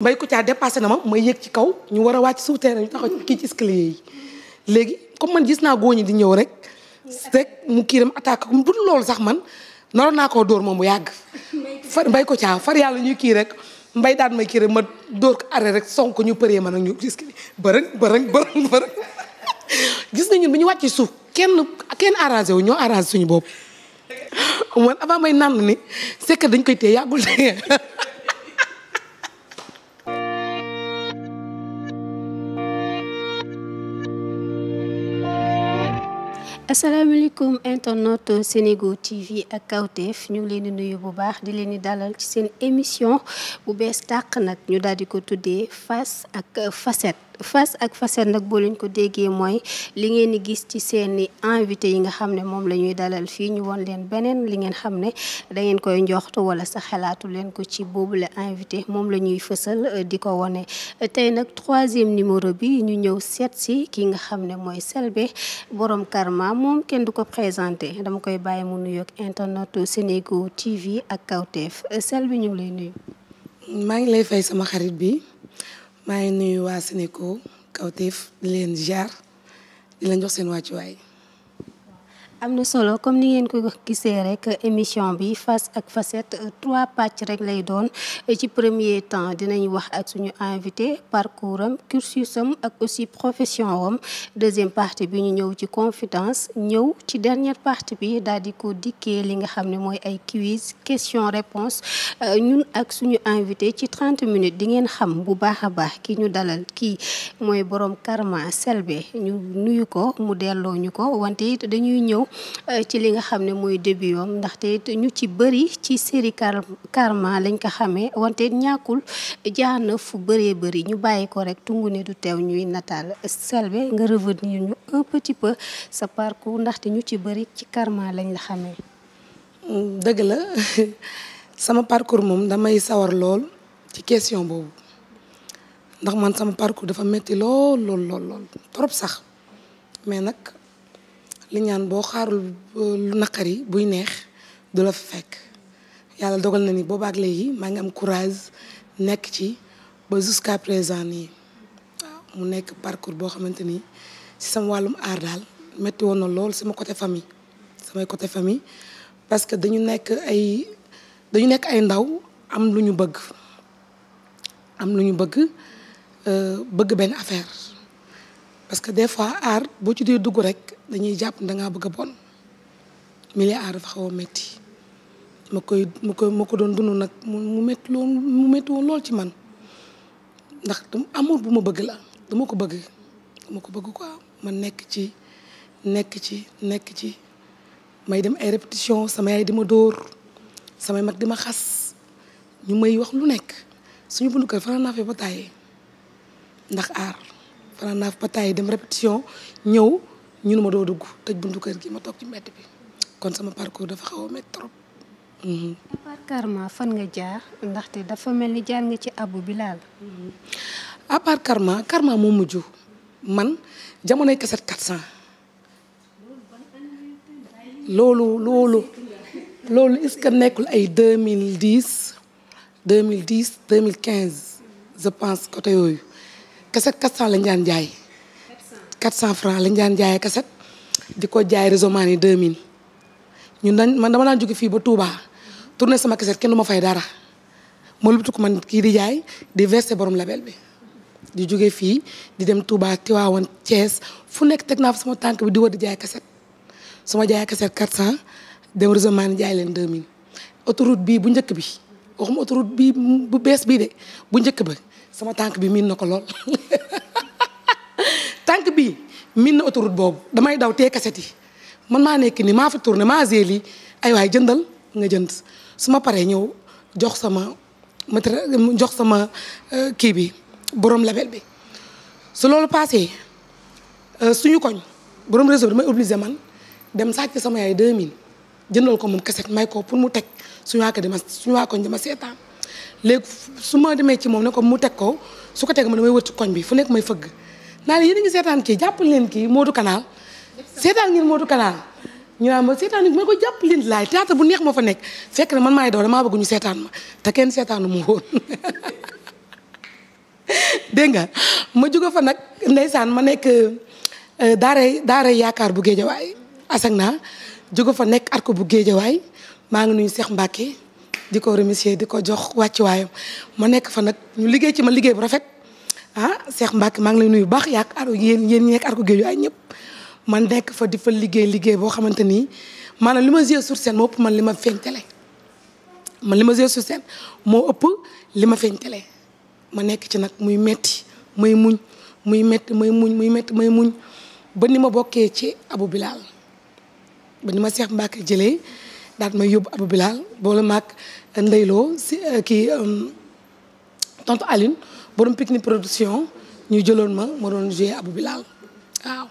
Mbaye Kouthia dépassé na ma may yëg ci kaw ñu war a wàcc suuf terrain ñu taxaw kii ci escalier yi léegi comme man gis naa góoñi di ñëw rek rek mu kii dem attaque bu dul sax man naroon naa koo dóor moom bu yàgg far Mbaye Kouthia far yàlla ñuy kii rek mbay daan may kii rek ma dóor ko arrêt rek sonk ko ñu përee ma nag ñu gis bërëng bërëng bërëng bërëng gis nga ñun bi ñu wàcc suuf kenn kenn arrangé wu ñoo arrangé suñu bopp man avant may naan ni c'est dañ koy téye yàggul asalaamaaleykum internaute Senego TV ak Kawtef ñu ngi leen di nuyu bu baax di leen di dalal ci seen émission bu bees tàq nag ñu daal di ko tuddee fas ak facette. fas ak Fassel nag boo leen ko déggee mooy li ngeen di gis ci seeni invité yi nga xam ne moom la ñuy dalal fii ñu won leen beneen li ngeen xam ne dangeen koy njoxtu wala sa xalaatu leen ko ci boobule invité moom la ñuy fësal euh, di ko wone tey nag troisième numéro bi ñu ñëw seet si ki nga xam ne mooy Selbé borom Karma moom kenn du ko présenté dama koy bàyyi mu nuyoog internetu Senego TV ak Kawtef Selbé ñu ngi lay nuyu. maa ngi lay fay sama xarit bi. maa ngi nuyu waa ko kawteef di leen jaar di jox seen wàccuwaay am na solo comme ni ngeen ko gisee rek émission bi fas ak facette trois pàcc rek lay doon ci premier temps dinañ wax ak suñu invité parcours am cursus am ak aussi profession wam deuxième partie bi ñu ñëw ci confidence ñëw ci dernière partie bi daal di ko dikkee li nga xam ni mooy ay quiz question réponse euh, ñun ak suñu invité ci 30 minutes di ngeen xam bu baax a baax ki ñu dalal kii mooy borom karma selbe ñu nuyu ko mu delloo ñu ko wante it dañuy ñëw Euh, ci li nga xam ne mooy début yom ndaxte ñu ci bari ci série Karma lañ ko xamee wante ñàkkul jaana fu baree bari ñu bàyyi ko rek tungu ne du teew ñuy nataal Selbé nga revenir ñu un petit peu sa parcours ndaxte ñu ci bari ci Karma lañ la xamee. dëgg la sama parcours moom damay sawar lool ci question boobu ndax man sama parcours dafa metti lool lool lool lool trop sax mais nag li ñaan boo xaarul euh, lu naqari buy neex du la fekk yàlla dogal na ni boobaak léegi maa ngi am courage nekk ci ba jusqu'à présent nii mu nekk parcours boo xamante ni si sama wàllum aar daal métti woon na lool sama côté famille samay côté famille parce que dañu nekk ay dañu nekk ay ndaw am lu ñu bëgg am lu ñu bëgg euh, bëgg benn affaire parce que des fois aar boo ci dee dugg rek dañuy jàpp ne da ngaa bëgg a bon milieu aar dafa xaw a métti ma koy ma koy ma ko doon dund nag mu métti lool mu métti woon loolu ci man ndax amour bu ma bëgg la dama ko bëgg ma ko bëgg quoi ma nekk ci nekk ci nekk ci may dem ay répétition sama yaay di ma dóor sama mag di ma xas ñu may wax lu nekk suñu bundu kër fanaan naa fee ba tàyyi ndax aar fanaan naa fa bataay dem répétition ñëw ñu ne ma doo dugg tëj buntu kër gi ma toog ci mbedd bi kon sama parcours dafa xaw a métti trop. Mhm. à part Karma nga jaar ndaxte dafa mel ni jaar nga ci abu bi à part Karma Karma moo mujj man jamonoy kaset 400 loolu loolu loolu est-ce que nekkul ay mille 2010 2010 2015 je pense côté yooyu. kaset 400 lañ daan jaay. 400 francs lañ daan jaayee kaset di ko jaay réseau man yi 2000 ñun dañ man dama daan jóge fii ba Touba tourné sama kaset kenn du fay dara ma lubtu ko man kii di jaay di versé borom label bi. di jóge fii di dem Touba Tiwaawan Thiès fu nekk teg naa fa sama tànk bi di war di jaay kaset su ma jaayee kaset 400 dem réseau man jaay leen 2000 autoroute bii bu njëkk bi waxuma autoroute bii bu bees bii de bu njëkk ba. sama tànk bi miin na ko lool bi miin na autoroute boobu damay daw tee kaset yi man maa nekk ni maa fa ne maa zéeli ay waay jëndal nga jënd su ma paree ñëw jox sama matériel jox sama euh, kii bi borom label bi su loolu paasee euh, suñu koñ borom réseau bi damay obligé man dem sàcc sama yaay 2000 jëndal ko moom kaset may ko pour mu teg suñu waa ko dama suñu waa koñ dama seetaan léegi su ma demee ci moom ne ko mu teg ko su ko teg ma damay wëtt koñ bi fu nekk may fëgg naa ne yéen ngi seetaan kii jàpp leen kii Modou Canal seetaan ngeen Modou Canal ñu naan ma seetaan nañ ma laay théâtre bu neex moo fa nekk fekk na man maay daw damaa bëgg ñu seetaan ma te kenn seetaanu mu woon dégg ma jóge fa nag neysaan ma nekk daaray euh, daaray yaakaar bu géejawaay asag naa jóge fa nekk at ko bu géejawaay maa ngi nuyu Cheikh Mbacke di ko remercier di ko jox wàcc wàccuwaayam ma nekk fa nag ñu liggéey ci ma liggéey bu rafet ah Cheikh Mbacke maa ngi lay nuyu baax yaak ar yéen yéen ñi nekk arko géej ay ñëpp man nekk fa di fa liggéey liggéey boo xamante nii maanaam li ma gis sur scène moo ëpp li ma feeñ man li ma gis sur moo ëpp li ma feeñ ma nekk ci nag muy metti muy muñ muy metti muy muñ muy metti muy muñ ba ni ma bokkee ci Abu Bilal ba ni ma Cheikh Mbacke jëlee daal may yóbbu Abu Bilal boole maag ndeyloo si euh, kii euh, tontu Aline borom pique-nique production ñu jëloon ma ma doon joué Abou Bilal waaw.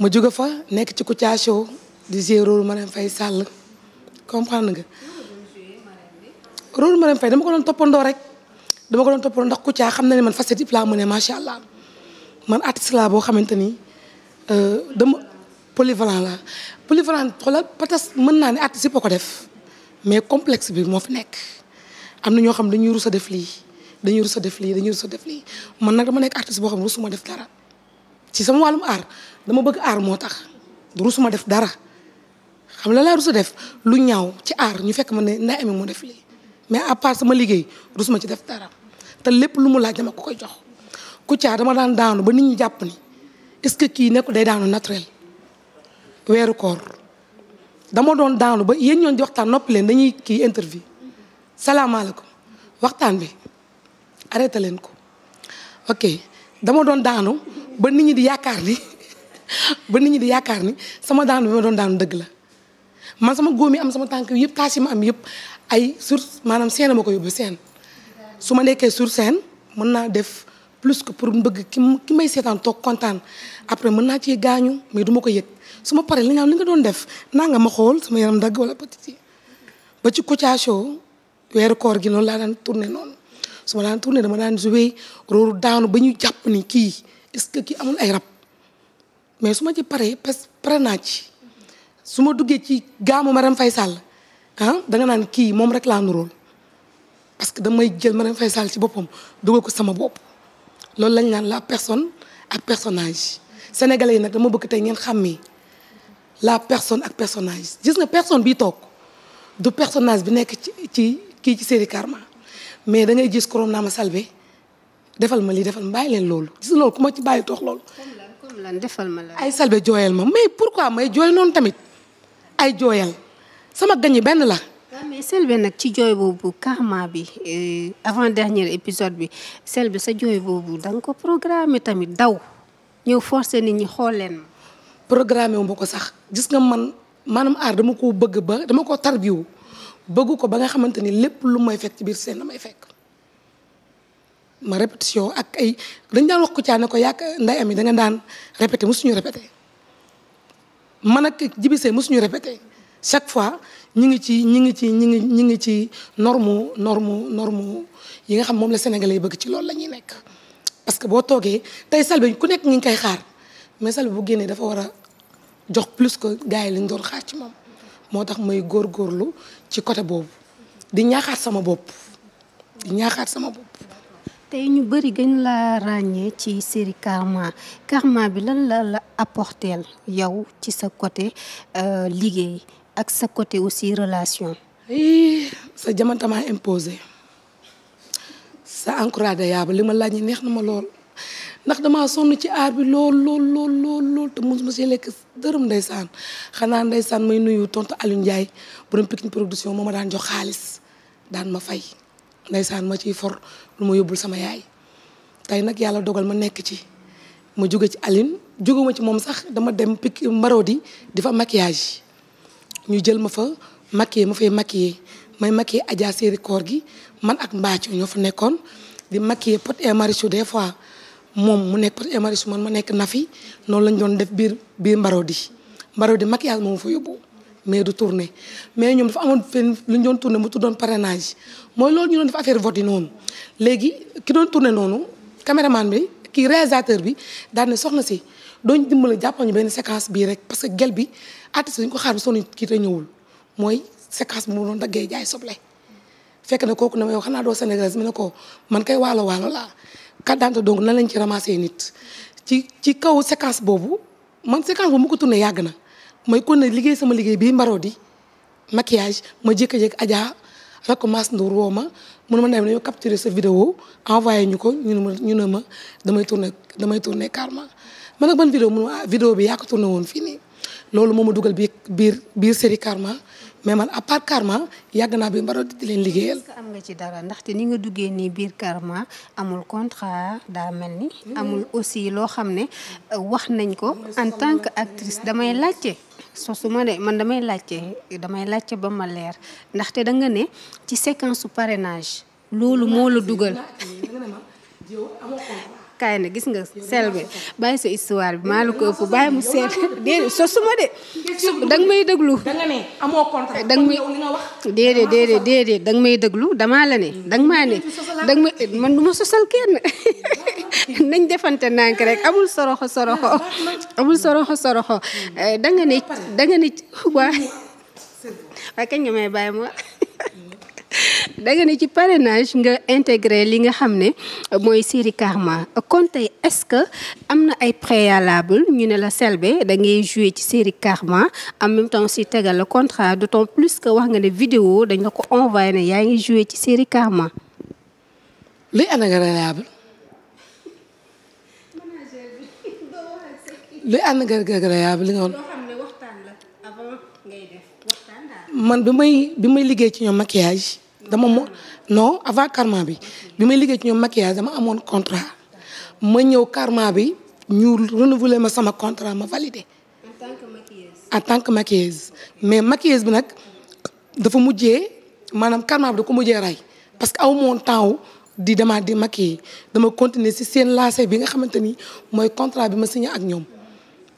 ma jóge fa nekk ci Kouthia Show di joué rôle Marème Faye Sall comprendre nga. ma Marème Faye dama ko doon toppandoo rek dama ko doon toppandoo ndax Kouthia xam na ne man facette yëpp laa ne macha allah man artiste laa boo xamante ni euh, dama polyvalent laa polyvalent xoolal peut mën naa ne artiste yëpp ko def. mais complexe bi moo fi nekk am na ñoo xam dañuy rus a def lii dañuy rus a def lii dañuy rus a def lii man nag dama nekk artiste boo xam ne rusuma def dara ci sama wàllum art dama bëgg art moo tax rusuma def dara xam la laa rus a def lu ñaaw ci ar ñu fekk ma ne nday amee moo def lii mais à part sama liggéey rusuma ci def dara te lépp lu mu laaj dama ko koy jox Kouthia dama daan daanu ba nit ñi jàpp ni est-ce que kii nekku day daanu naturel weeru koor dama doon daanu ba yéen ñoon di waxtaan noppi leen dañuy kii interview salaamaaleykum waxtaan bi arrêté leen ko ok dama doon daanu ba nit ñi di yaakaar ni ba nit ñi di yaakaar ni sama daanu bi ma doon daanu dëgg la man sama góom yi am sama tànk yëpp taas yi ma am yëpp ay sur maanaam seena ma ko yóbbu seen su ma nekkee sur seen mën naa def plus que pour bëgg ki ki may seetaan toog kontaan après mën naa ci gaañu mais duma ko yëg su ma paree li nga li nga doon def naa nga ma xool sama yaram dagg wala petit ba ci Kouthia Show weeru koor gi noonu laa daan tourné noonu su ma daan tourné dama daan joué rooru daanu ba ñu jàpp ni kii est-ce que kii amul ay rab mais su ma ci paree parce pare naa ci su ma duggee ci gaamu Marème Faye Sall ah danga naan kii moom rek laa nuróol parce que damay jël Marème Faye Sall ci boppam dugal ko sama bopp loolu lañ naan la personne ak personnage sénégalais yi nag dama bëgg tey ngeen xàmmee la personne ak personnage gis nga personne bi toog du personage bi nekk ci ci kii ci série Karma mais da ngay gis korom naa ma salbe defal ma lii defal ma bàyyi leen loolu gis loolu ku ma ci bàyyi toog loolu. comme lan defal ma la. ay salbe jooyal ma mais pourquoi may jooy noonu tamit ay jooyal sama gañi benn la. Ah, mais nag ci jooy boobu Karma bi euh, avant dernier épisode bi Selbé sa jooy boobu da nga ko programmé tamit daw ñëw forcé nit ñi xool leen ma programme wu ma ko sax gis nga man maanaam aar dama koo bëgg ba dama koo tarbiwu bëgg ko ba nga xamante ni lépp lu may fekk ci biir seen damay fekk ma répétition ak ay dañ daan wax ko caa ko yàq nday am da nga daan répété mosuñu répété man ak jibisee mosuñu répété chaque fois ñi ngi ci ñi ngi ci ñi ngi ñi ngi ci norme norme norme yi nga xam moom la sénégalais yi bëgg ci loolu la ñuy nekk parce que boo toogee tey salle bi ku nekk ngi koy xaar message bu génnee dafa war a jox plus ko gars yi lañ doon xaar ci moom moo tax may góorlu ci côté boobu di ñaaxaat sama bopp di ñaaxaat sama bopp. tey ñu bëri gën la ràññee ci série Karma Karma bi lan la la apporteel yow ci sa côté euh, liggéey ak sa côté aussi relation. sa jamantama imposé sa encouragé yaaba li ma laaj neex na ma lool. ndax dama sonn ci aar bi lool lool lool lool lool te mosuma see lekk dërëm ndeysaan xanaa ndeysaan may nuyu tontu Aliou Ndiaye borom Pikine production moo ma daan jox xaalis daan ma fay ndeysaan ma ciy for lu ma yóbbul sama yaay tey nag yàlla dogal ma nekk ci ma jóge ci Aline jóguma ci moom sax dama dem Pikine Marodi di fa maquillage ñu jël ma fa maquillé ma fay maquillé may maquillé Adja Séri koor gi man ak Mbaaco ñoo fa nekkoon di maquillé Pod et Marichou des fois moom mu nekk parce que Marisou man ma nekk Nafi noonu lañ doon def biir biir Mbarodi Mbarodi maquillage moom fa yóbbu mais du tourné mais ñoom dafa amoon fenn lu ñu doon tourné mu doon parrainage mooy loolu ñu doon def affaire vote yi noonu léegi ki doon tourné noonu caméraman bi kii réalisateur bi daal ne soxna si dooñ dimbali jàppal ñu benn séquence bii rek parce que gel bi artiste dañu ko xaar bi sonu kii te ñëwul mooy séquence bi mu doon daggee jaay soble fekk na kooku ne xanaa doo sénégalais mi ne ko man kay waalo waalo laa carte d'identité donc nan lañ ci ramassé nit ci ci kaw séquence boobu man sequence boobu mu ko tourné yàgg na may kon ne liggéey sama liggéey bii mbaroo di maquillage ma jékki-jékki Adja recommence Ndour woo ma mun ma dem dañoo capturer sa vidéo envoyé ñu ko ñu ne ñu ne ma damay tourné damay tourné carrément man nag ban vidéo mun ma ah, bi yaa ko tourné woon fii nii loolu moom ma dugal biir biir biir série carrément mais man à part yàgg naa bi Mbaro di leen liggéeyal. am nga ci dara ndaxte ni nga duggee nii biir Karma amul contrat daa mel ni. amul aussi loo xam ne wax nañ ko en tant que actrice damay laajte. su ma de man damay laajte damay laajte ba ma leer ndaxte da nga ne ci séquence su parrainage loolu moo la dugal. kaay na gis nga sel bi bàyyi sa histoire bi maa la ko ëpp bàyyi mu seet déedéet sosuma de. dang may déglu. danga ne amoo contrat danga may déedéet déedéet may déglu damaa la ne danga maa ne danga may man duma ma sosal kenn nañ defante nànk rek amul soroxo soroxo amul soroxo soroxo hmm. eh, danga ne danga ne waa waaye kañ nga may bàyyi ma. da ne ci parrainage nga intégré li nga xam ne mooy Siri Karma kon tey est-ce que am na ay préalable ñu ne la Selbé dangay ngay jouer ci Siri Karma en même temps si tegal le contrat d'autant plus que wax nga ne video dañ la ko envoyé ne yaa ngi jouer ci Siri Karma. lii ana préalable man bi may bi may liggéey ci ñoom maquillage. dama mo non avant Karma bi bi may liggéey ci ñoom maquillage dama amoon contrat ma ñëw Karma bi ñu renouveler ma sama contrat ma validé. en tant que maquilleuse. mais maquilleuse bi nag dafa mujjee maanaam Karma bi da ko mujjee rey parce que aw moon temps di demaat di maquiller dama continuer si seen lancé bi nga xamante ni mooy contrat bi ma signé ak ñoom.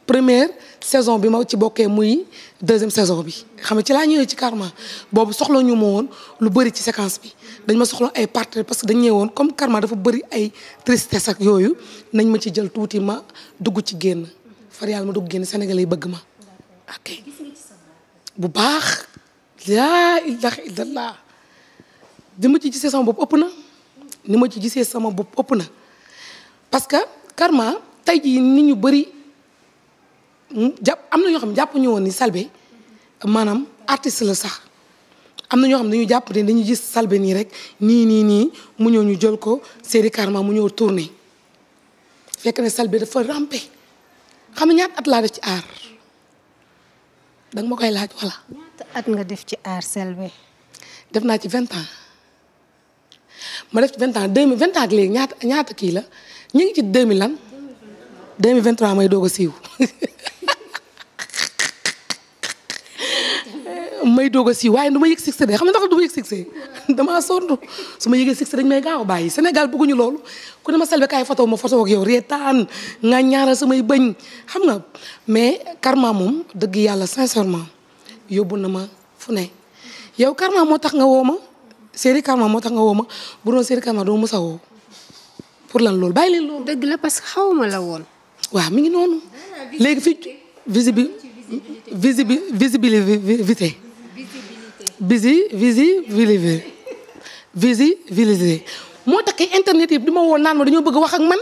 première saison bi ma ci bokkee muy deuxième saison bi xam nga ci laa ñëwee ci Karma boobu soxla ñu ma woon lu bari ci séquence bi dañ ma soxla ay partenaires parce que dañ ñëwee woon comme Karma dafa bari ay tristesse ak yooyu nañ ma ci jël tuuti ma dugg ci génn far yàlla ma dugg génn Sénégalais bëgg ma ok bu baax laa ilaha illallah di ma ci gisee sama bopp ëpp na ni ma ci gisee sama bopp ëpp na tey jii nit ñu bëri jàpp am na ñoo xam ne jàpp ñu woon ni salbe maanaam artiste la sax am na ñoo xam ne dañu jàpp ne dañu gis Selbé nii rek nii nii nii mu ñëw ñu jël ko série Karma mu ñëw tourné fekk ne daf dafa rampe xam nga at laa def ci aar danga ma koy laaj wala. at nga def ci aar Selbé. def naa ci vingt ans ma def ci vingt ans deux mille vingt ans ak léegi ñaata kii la ñu ngi ci deux mille lan. deux mille vingt trois may doog a siiw. may doog a siiw waaye du ma yëg succès de xam ne ndax du ma yëg succès damaa sonn su ma yëgee succès dañ may gaaw a bàyyi Sénégal bëgguñu loolu ku ma Selbé kaay photo ma mais karma moom dëgg yàlla sincèrement yóbbu na ma fu ne yow karma moo tax nga woo ma série karma moo tax nga woo ma bu doon série karma doo mës a woo pour la loolu bàyyi leen loolu. dëgg la parce que ma la woon. waaw mi noonu ah, léegi fii visibi visibilité. visibilité visibilité moo tax internet yi di ma woon naan ma dañoo bëgg wax ak man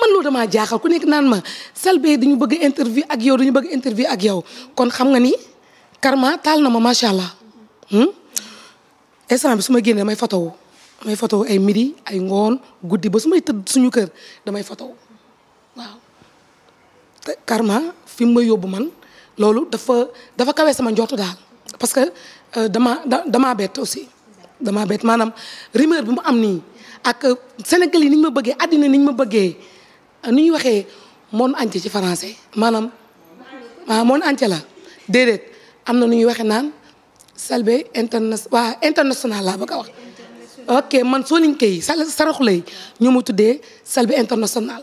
man loo damaa jaaxal ku nekk naan ma Selbé dañu bëgg interview ak yow dañu bëgg interview ak yow kon xam nga ni karma taal na ma macha allah hmm? instant bi su ma génnee damay fotow damay fotow ay midi ay ngoon guddi ba su may tëdd suñu kër damay fotow waaw te karma fi mu ma yóbbu man loolu dafa dafa kawe sama njotu daal. parce que euh, damaa damaa bett aussi damaa bett maanaam rumeur bi mu am nii ak euh, Sénégal yi ni ma bëggee àddina ni ñu ma bëggee euh, ni ñu waxee monde entier ci français maanaam waaw monde entier la déedéet am na nu ñuy waxee naan Selbé interna waa international laa ba a wax ok man soo liñ koy saraxule yi ñoo ma tuddee Selbé international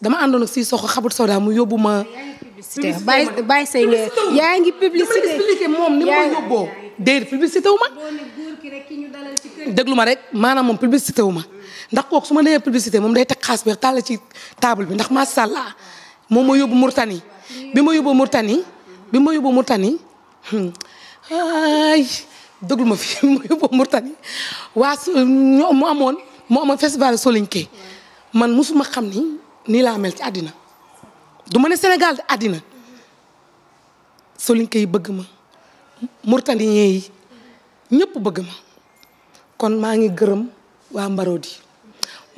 dama àndoon ak si soxo xabut sawda mu yóbbu ma. publicité bàyyi bàyyi say yaa ngi publicité moom ni ma yóbboo. déedéet publicité wu ma. déglu ma rek maanaam moom publicité ma ndax kooku su ma nee publicité moom day teg xaas bi tàll ci table bi ndax macha allah moom ma yóbbu Mourtani bi ma yóbbu Mourtani bi ma yóbbu Mourtani hmm, ay déglu ma fi bi ma yóbbu Mourtani waa su mu amoon mu amoon festival Solinke man musuma xam ni. nii la mel ci àddina du ma ne Sénégal de àddina solinke bëgg ma murtaniyee yi ñëpp bëgg ma kon maa ngi gërëm waa Marodi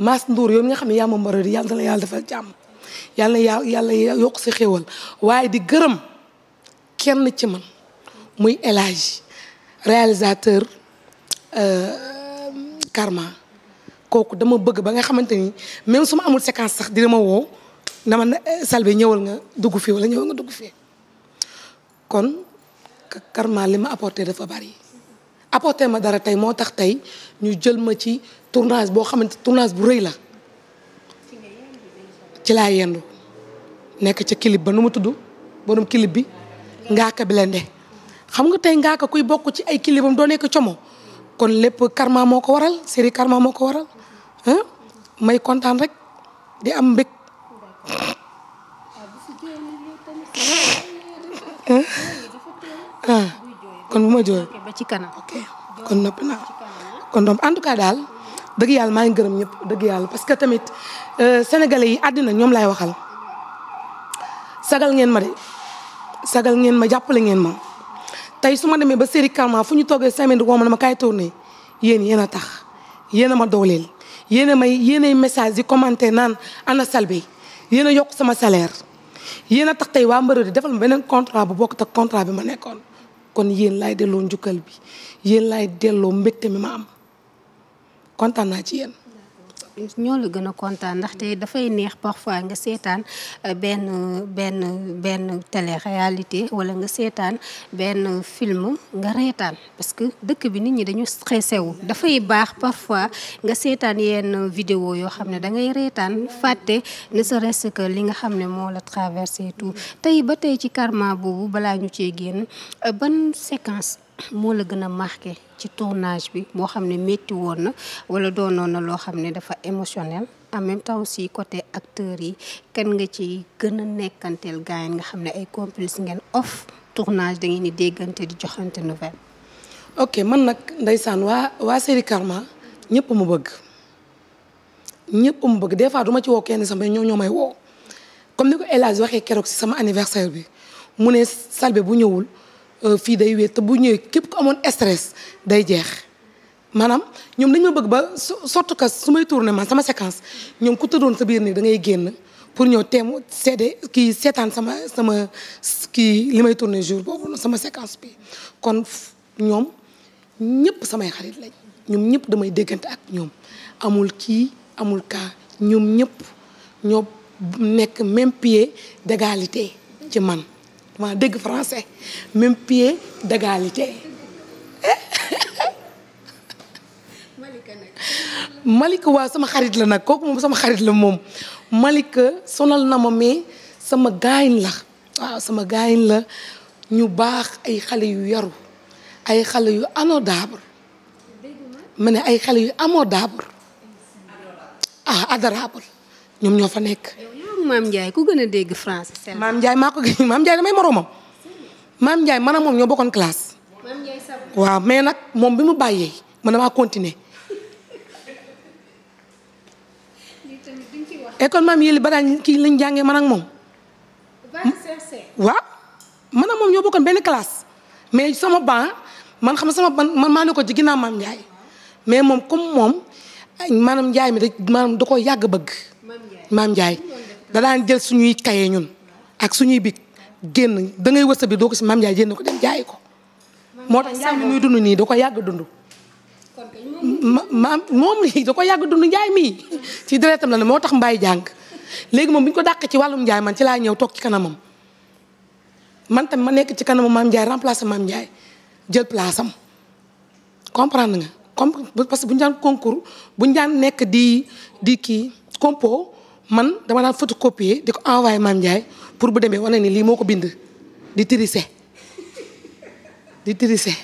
mas Ndour yow mi nga xam ne yaa ma Marodi yàlla na yàlla defal jàmm yàlla na yàlla yokk si waaye di gërëm kenn ci man muy El réalisateur euh, Karma. kooku dama bëgg ba nga xamante ni même su ma amul séquence sax di ma woo na ma eh, Selbé ñëwal nga dugg fii wala ñëwal nga dugg fii kon Karma li ma apporté dafa bari apporté ma dara tey moo tax tey ñu jël ma ci tournage boo xamante tournage bu rëy la ci laa yendu nekk ca clip ba nu mu tudd borom clip bi Ngaaka Blindé xam nga tey Ngaaka kuy bokk ci ay clipam doo nekk como kon lépp Karma moo ko waral série Karma moo ko waral may kontaan rek di am mbég. Ah, kon bu ma jooy. ba ci kanam kon noppi naa kon donc en tout cas daal dëgg yàlla maa ngi gërëm ñëpp dëgg yàlla parce que tamit euh, sénégalais yi àddina ñoom laay waxal sagal ngeen ma de sagal ngeen ma jàppale ngeen ma tey su ma demee ba série Karma fu ñu toogee semaine di woo ma ne ma kaay tourné yéen yéen a tax yéen a ma dooleel. yéen a may yéen ay message yi commenté naan ana Selbé yéen a yokk sama salaire yéen a tax tey waa di defal ma beneen contrat bu bokk ak contrat bi ma nekkoon kon yéen laay delloo njukkal bi yéen laay delloo mbégte mi ma am kontaan naa ci yéen. ñoo la gën a kontaan ndaxte dafay neex parfois nga seetaan euh, benn benn benn télé réalité wala nga seetaan benn film nga reetaan parce que dëkk bi nit ñi dañu stressé wu dafay baax parfois nga seetaan yenn vidéo yoo xam ne da ngay reetaan fàtte ne sa ce li nga xam ne moo la traversé tout tey ba tey ci karma boobu balaa ñu cee génn euh, ban séquence moo la gën a marqué ci tournage bi moo xam ne métti woon na wala doonoon na loo xam ne dafa émotionnel en taw si aussi côté acteurs yi kan nga ci gën a nekkanteel gars yi nga xam ne ay complice ngeen off tournage da ngeen di déggante di joxante nouvelle. ok man nag ndeysaan waa waa série Karma ñëpp mu bëgg ñëpp mu bëgg des fois du ma ci woo kenn sama ñoo ñoo may woo comme ni ko El waxee keroog ci sama anniversaire bi mu ne Selbé bu ñëwul. Euh, fii day wéet te bu ñëwee képp amoon stress day jeex maanaam ñoom dañ ma bëgg ba surtout que su may tourné sama séquence ñoom ku tëddoon sa biir nii dangay génn pour ñëw teemu seede kii seetaan sama sama kii li may tourné jour boobu sama séquence bi kon ñoom ñëpp samay xarit lañ ñoom ñëpp damay déggante ak ñoom amul kii amul kaa ñoom ñëpp ñoo nekk même pied d'égalité ci man maa dégg français même pied d'égalité Malika waaw sama xarit la nag kooku moom sama xarit la moom Malika sonal na ma mais sama gaayin la waaw sama gaayin la ñu baax ay xale yu yaru ay xale yu anodable ma ne ay xale yu amodable ah adorable ñoom ñoo fa nekk maam Ndiaye ku gën a dégg français. maam Ndiaye maa ko maam Ndiaye damay moroomam maam Ndiaye man ak moom ñoo bokkoon classe. maam Ndiaye sax waaw mais nag moom bi mu bàyyee man damaa continuer. école maam yële ba daan kii lañ jàngee man ak moom. Hmm? waaw man ak moom ñoo bokkoon benn classe mais sama ban man xam sama ban man maa ne ko ci ginnaaw maam Ndiaye mais moom comme moom maanaam Ndiaye mi da maanaam da ko yàgg bëgg. maam Ndiaye da jël suñuy kaye ñun ak suñuy big génn da ngay wësa bi ko si maam Ndiaye génn ko dem jaayi ko. moo tax sàmm muy dund nii da ko yàgg dund. maam moom lii da ko yàgg dund Ndiaye mii ci deretam la ne moo tax mbay jàng léegi moom bu ko dàqee ci wàllum Ndiaye man ci laa ñëw toog ci kanamam. man tamit ma nekk ci kanamu maam Ndiaye remplacer maam Ndiaye jël place am comprendre nga que bu ñu daan concours bu ñu daan nekk di di kii compo man dama daan photocopier di ko envoyé Mame Ndiaye pour bu demee wane ni lii moo ko bind di tirise di tirise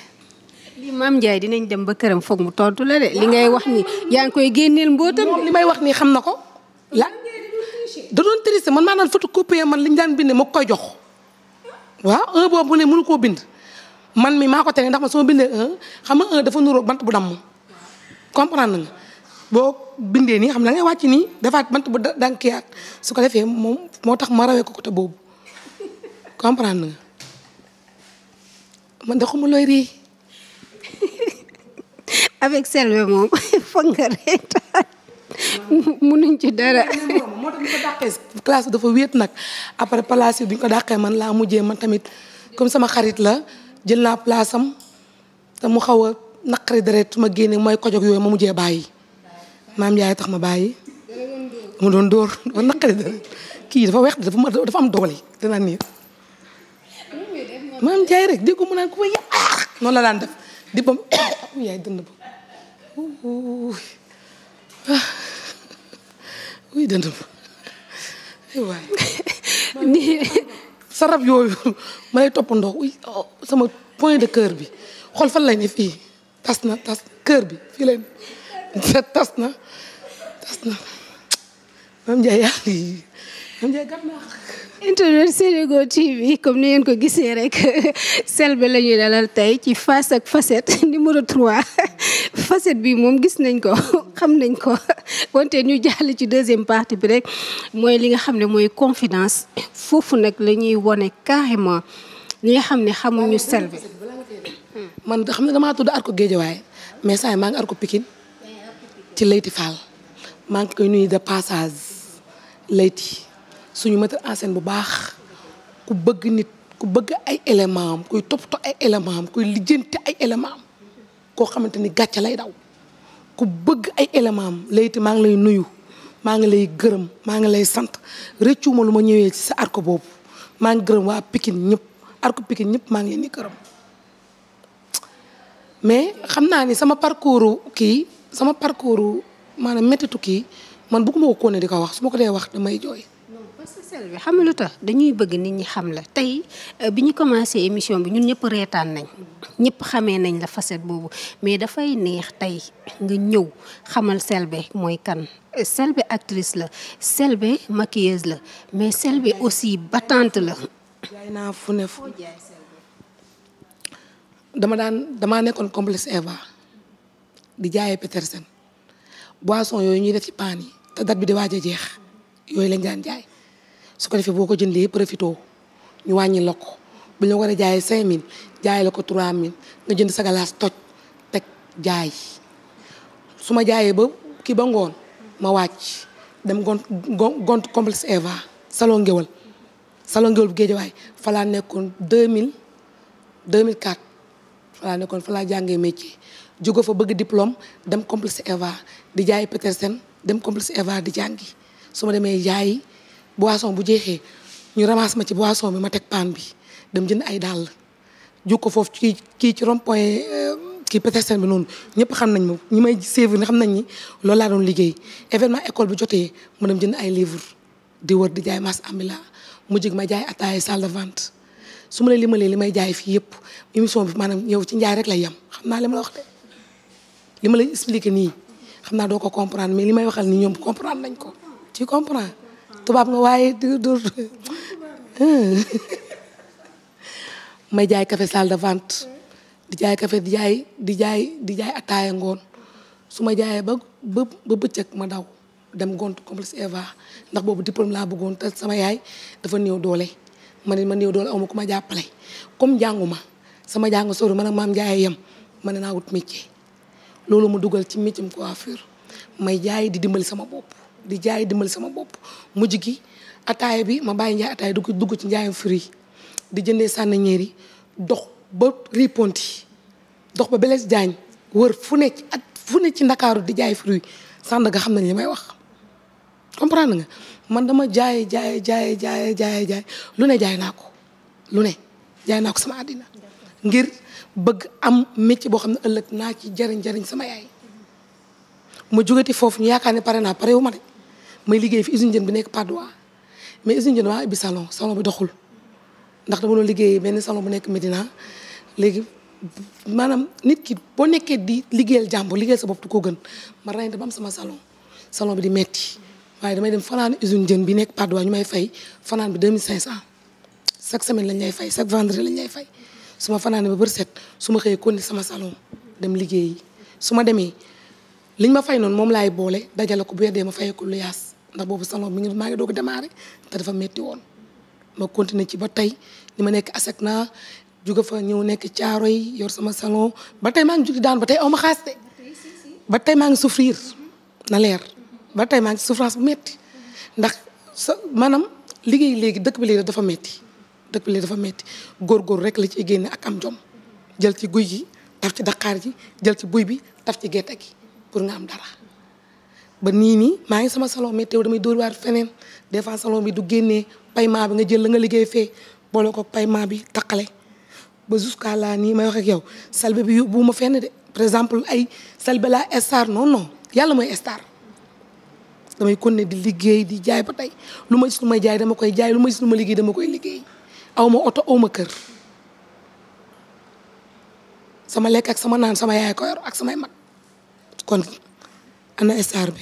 lii Mame Ndiaye dinañ dem ba këram foog mu tontu la de li ngay wax ni yaa ngi koy génneel mbootam li may wax nii xam na ko la da doon tirise man maa daan photocopier man liñ daan bind ma koy jox waaw un boobu mu ne mënu koo bind man mi maa ko tere ndax man su ma bindee xam nga un dafa nuroo bant bu moo comprendre nga boo bindee nii xam na ngay wàcc nii defaat bant bu ak su ko defee moom moo tax ma rawee boobu comprendre nga man de xuma looy rii avec Selbé moom foog nga reetaan munuñ ci dara moo classe dafa wéet nag après place bi ñu ko dàqee man laa mujjee ma tamit comme sama xarit la jël naa place am te mu xaw a naqari deret ma génne mooy kojog yooyu ma mujjee bàyyi maam yaay tax ma bàyyi. ma doon dóor ba naqari dara kii dafa weex dafa dafa am doole dana nii. maam jaay rek dégg mu naan ku ma yàq noonu la daan def di ba mu yaay dënd ba wuy ah, dënd ba waay sarab yooyu ma lay toppandoo uy oh, sama point de cœur bi xool fan lay ne fii tas na tas kër bi fii lay ne tas na tas na Mame Ndiaye yaa ngi TV comme ni ngeen ko gisee rek Selbé la dalal tey ci face ak facette numéro 3 facette bi moom gis nañ ko xam nañ ko wante ñu jàll ci deusième partie bi rek mooy li nga xam ne mooy confidence foofu nag la ñuy wone carrément li nga xam ne xamuñu Selbé. man xam ne damaa tudd Arko Guédiawaye mais saa yi maa ngi Arko Pikine ci Leyti Fall maa ngi koy nuyu de passage Leyti suñu mettre en bu baax ku bëgg nit ku bëgg ay élément kuy toppatoo ay élément kuy lijjanti ay élément koo xamante ni gàcce lay daw ku bëgg ay élément am maa ngi lay nuyu maa ngi lay gërëm maa ngi lay sant rëccuma lu ma ñëwee ci sa arco boobu maa ngi gërëm waa Pikine ñëpp arco Pikine ñëpp maa ngi leen di gërëm mais xam naa ni sama parcours kii sama parcours maanaam méttiitu kii man bëgguma ko kone di ko wax su ma ko dee wax damay jooy. Selby xam nga lu tax dañuy bëgg nit ñi xam la tey euh, bi ñu commencé émission bi ñun ñëpp reetaan nañ ñëpp xamee nañ la facette boobu mais dafay neex tey nga ñëw xamal Selby mooy kan euh, Selby actrice la selbe maquilleuse la mais Selby aussi battante la naa fu ne dama daan damaa nekkoon complexe Eva di jaayee Petersen boisson yooyu ñuy def ci paan yi te date bi di waaj jeex yooyu lañ daan jaay su ko defee boo ko jëndee profito ñu wàññi la ko bu ñu war a jaayee 5000 jaay la ko mil nga jënd sa galaas toj teg jaay su ma jaayee ba kii ba ngoon ma wàcc dem gont gont complexe Eva salon ngéwal salon ngéwal bu Géejawaay fa laa nekkoon 2000 2004 fa laa nekkoon fa laa jàngee métier. jóge fa bëgg diplôme dem complexe Eva di jaayi Petersen dem complexe Eva di jàngi su ma demee jaay boisson bu jeexee ñu ramasse ma ci boisson bi ma teg paan bi dem jënd ay dàll jóg ko foofu ci kii ci rond point eh, kii Petersen bi noonu ñëpp xam nañ ma ñi may suivre xam nañ ni loolu laa doon liggéey événement école bu jotee ma dem jënd ay livres di wër di jaay masse ambila mu jig ma jaay ataaya salle de vente su ma la limalee li may jaay fii yëpp émission bi maanaam yow ci njaay lay yem ma li ma la expliquer nii xam naa doo ko comprendre mais li may waxal nii ñoom comprendre nañ ko ci comprendre tubaab nga waaye du du may jaay café salle de vente di jaay kafe di jaay di jaay di jaay ataaya ngoon su ma jaayee ba ba bëccëg ma daw dem gont complexe Eva ndax boobu diplôme laa bëggoon te sama yaay dafa néew doole ma ne ma néew doole aw ma ku ma jàppale comme jàngu ma sama jàng sori ma nag maam jaayee yem ma ne naa wut métier loolu ma dugal ci métier coiffure may jaay di dimbali sama bopp di jaay dimbali sama bopp mujj gi ataaya bi ma bàyyi njaay ataaya dugg dugg ci njaayam fruit di jëndee sànniñeer yi dox ba riponti dox ba Blaise jaañ wër fu ne at fu ne ci ndakaaru di jaay fruit Sandaga xam nañ li may wax comprendre nga man dama jaay jaay jaay jaay jaay jaay lu ne jaay naa ko lu ne jaay naa ko sama àddina ngir bëgg am métier boo xam ne ëllëg naa ci jariñ jariñ sama yaay ma jógati foofu ñu yaakaar ne pare naa pare wu ma de may liggéey fi usine jën bi nekk Padois mais usine jën waa ubbi salon bi doxul ndax dama doon liggéey benn salon bu nekk Medina léegi maanaam nit ki boo nekkee di liggéeyal jàmbur liggéeyal sa bopp du gën ma ràññee da ba am sama salon salon bi di metti waaye damay dem fanaan usine jën bi nekk Padois ñu may fay fanaan bi 2500 chaque semaine lañ lay fay chaque vendredi lañ lay fay. su ma fanaane ba bër set su ma xëyee konni sama salon dem liggéey yi su ma demee liñ ma fay noonu moom laay boole dajale ko bu yeddee ma fayee ko lu ndax boobu salon mi ngi maa ngi doog demaare te dafa metti woon ma continué ci ba tey li ma nekk asek naa jóge fa ñëw nekk caaro yi yor sama salon ba tey maa ngi jóge daan ba tey aw ma xaas de ba tey maa ngi souffrir na leer ba tey maa ngi souffrance bu metti ndax sa maanaam liggéey léegi dëkk bi léegi dafa metti dëkk bi dafa metti góorgóor rek la ci génne ak am jom jël ci guy gi taf ci daqaar ji jël ci buy bi taf ci gerte gi pour nga am dara ba nii nii maa ngi sama salon mais teew damay dóor waar feneen des fois salon bi du génnee paiement bi nga jël la nga liggéey fee boole ko paiement bi taqale ba jusqu'à là nii may wax yow salbe bi yóbbu ma fenn de par exemple ay salbe la star non non yàlla mooy star damay kon ne di liggéey di jaay ba tey lu ma gis lu may jaay dama koy jaay lu ma gis ma liggéey dama koy liggéey awma oto awma kër sama lekk ak sama naan sama yaay ko yor ak samay mag kon ana star bi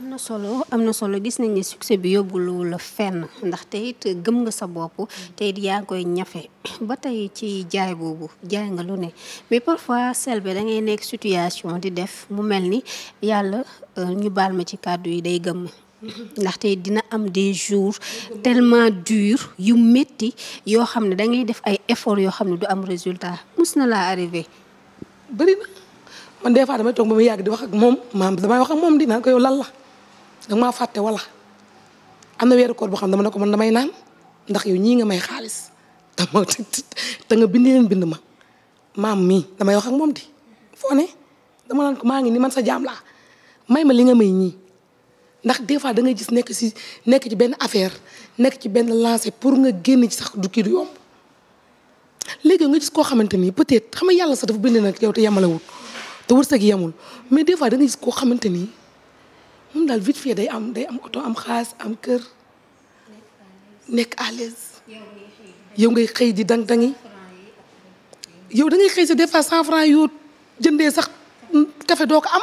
am na solo am na solo gis nañ ne succès bi yóbbulu la fenn ndax it gëm nga sa bopp te yaa ngi koy ñafe ba tey ci jaay boobu jaay nga lu ne mais parfois Selbé da ngay nekk situation di def mu mel ni yàlla euh, ñu baal ma ci kàddu yi day gëmm ndaxte dina am de jours tellement durs yu métti yoo xam ne da ngay def ay effort yoo xam ne du am résultat mus na laa arrivé. bëri man des fois damay toog ba muy yàgg di wax ak moom maam damay wax moom dina ko yow lan la danga maa fàtte wala am na boo xam dama ne ko man damay naan ndax yow ñii nga may xaalis te ma te nga bind leen ma maam mi damay wax ak moom di foo ne dama naan ko maa ngi ni man sa jaam laa may ma li nga may nii ndax des fois da ngay gis nekk nekk ci benn affaire nekk ci benn lancé pour nga génn ci sax du kii du yomb léegi nga koo xamante ni peut-être xam nga yàlla sax dafa bind nag yow te yemalewul te wërsëg yemul mais des fois da ngay gis koo xamante ni moom daal vite fait day am day am oto am xaas am kër nekk à l'aise yow ngay xëy di dang dangi yow da xëy si des fois cent franc yoo jëndee sax café doo ko am.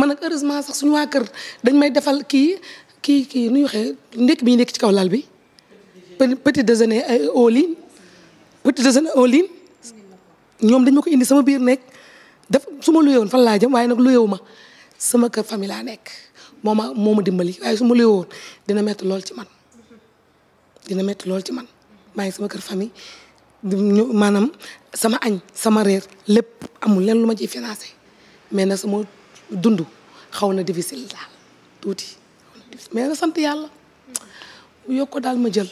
man nag heureusement sax suñu waa kër dañ may defal kii kii kii nu ñu waxee ndékk bi ñu nekk ci kaw lal bi. petit déjeuner au lit petit déjeuner au lit ñoom dañ ma ko indi sama biir nekk def su ma woon fan laa jëm waaye nag luyewu ma sama kër famille laa nekk moo ma moo ma dimbali waaye suma ma woon dina métti lool ci man dina métti lool ci man maay ngi sama kër famille ñu maanaam sama añ sama reer lépp amul leen lu ma ciy financé mais nag sama dund xaw na difficile daal tuuti mais na sant yàlla yokk daal ma jël.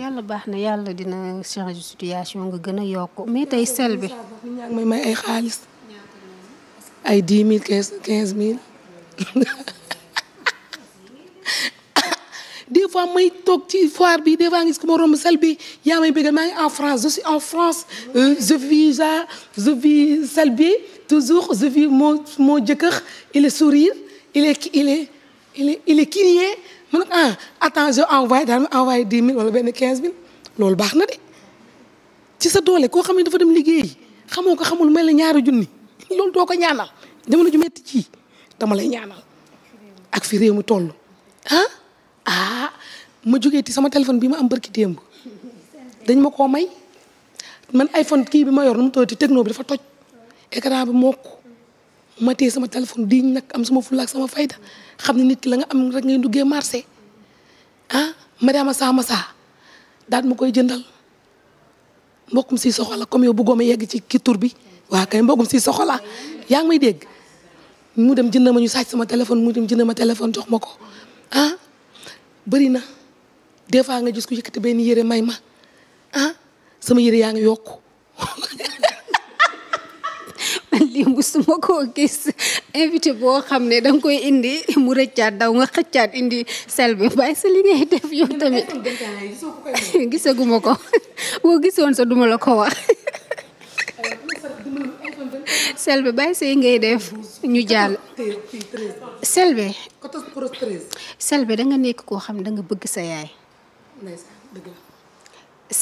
yàlla baax na yàlla dina changer situation nga gën a yokk mais tey sel bi. may may xaalis ay dix mille quinze quinze mille des fois may toog ci foire bi des fois nga gis ko ma romb sel bi yaa may bëggal maa ngi en France je suis en France euh, je vis je vis sel bi. toujours je vis mon mon jëkkër il est sourire il est il est il est il est crié ma ne ah attends envoyé daal ma envoyé dix mille wala benn quinze mille lool baax na de ci sa doole koo xam ne dafa dem liggéey xamoo ko xamul may la ñaari junni loolu doo ko ñaanal jamono ju metti ci dama lay ñaanal ak fi réew mi toll ah ah ma jógee ci sama téléphone bii ma am barki démb dañ ma koo may man iPhone kii bi ma yor nu mu toll ci techno bi dafa toj. écran bi mokk ma téye sama téléphone di nag am sama fulla sama fayda xam ne nit ki la nga am rek ngay duggee marché ah madama saa ma saa daal ma koy jëndal mbokkum si soxla comme yow bëggoo yegg ci ki bi waa mbokkum si soxla yaa ngi may dégg mu dem jënd ma ñu sàcc sama téléphone mu dem jënd ma téléphone jox ma ko ah bëri na des fois nga gis ku yëkkati yére may ma ah, sama yére yaa ngi yokk démb su ma koo gis invité boo xam ne danga koy indi mu rëccaat daw nga xëccaat indi sel bi bàyyi sa li ngay def yow tamit gisaguma ko boo gisoon sa duma la ko wax selbe bàyyi say ngay def ñu jàll selbe selbe da nga nekk koo xam ne da bëgg sa yaay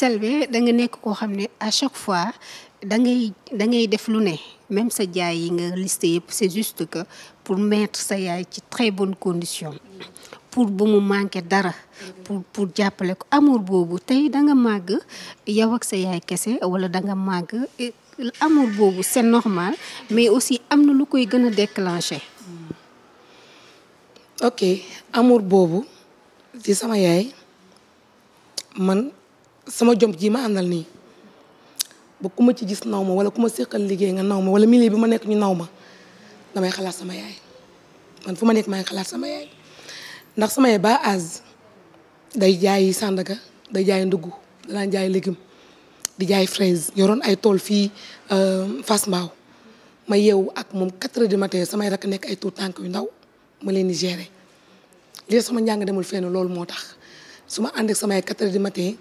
selbe danga nekk koo xam ne à chaque fois da dangay def lu ne même sa jaay yi nga liste yëpp c'est juste que pour mettre sa yaay ci très bon condition pour bu mu manqué dara pour pour jàppale ko amour boobu tey da nga màgg yow ak sa yaay kese wala da nga màgg amour boobu c'est normal mais aussi am na lu koy gën a déclencher ok amour boobu ci sama yaay man sama jom ji ma am àndal nii ba ku ma ci gis naw ma wala ku ma séqal liggéey nga naw ma wala milieu bi ma nekk ñu naw ma damay xalaat sama yaay man fu ma nekk may xalaat sama yaay ndax sama yaay ba day jaay sàndaga day jaay ndugg danaan jaay légume di jaay fraise yoroon ay tool fii euh, Fass Mbao ma yeewu ak moom quatre heures du samay rakk nekk ay tuut tànk yu ndaw ma leen di gérer li sama njàng demul fenn loolu moo tax su ma ànd ak samay quatre heures du matin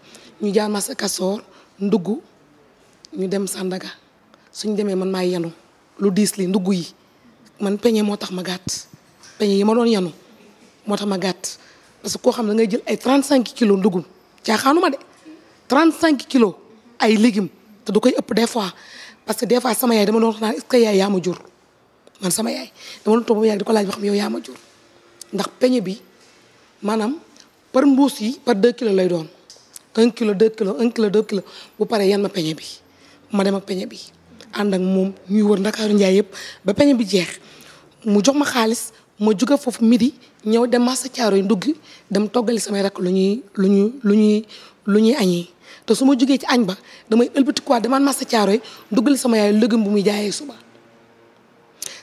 ñu jaar marché Kasoor ndugg ñu dem Sandaga suñ demee man maay yenu lu diis li ndugg yi man peñe moo tax ma gàtt peñe yi ma doon yenu moo tax ma gàtt parce que koo xam ne da ngay jël ay trent cinq kilos ndugum caaxaanu ma de cinq kilos ay légumes te du koy ëpp des fois parce que des fois sama yaay dama doon naan est-ce yaay yaa ma jur man sama yaay dama doon toog ba yaay di ko laaj ba xam yow yaa ma jur ndax peñe bi maanaam par mbuus yi par 2 kilos lay doon 1 kilo 2 kilo 1 kilo 2 bu paree yan ma bi. ma dem ak peñe bi ànd ak moom ñuy wër ndakaaru njaay yëpp ba peñe bi jeex mu jox ma xaalis ma jóge foofu midi ñëw dem masa caaro yi ndugg dem toggali samay rakk lu ñuy lu ñuy lu ñuy lu ñuy añee te su ma jógee ci añ ba damay ëlbatikuwaat demaan masa caaro yi li sama yaay légume bu muy jaayee suba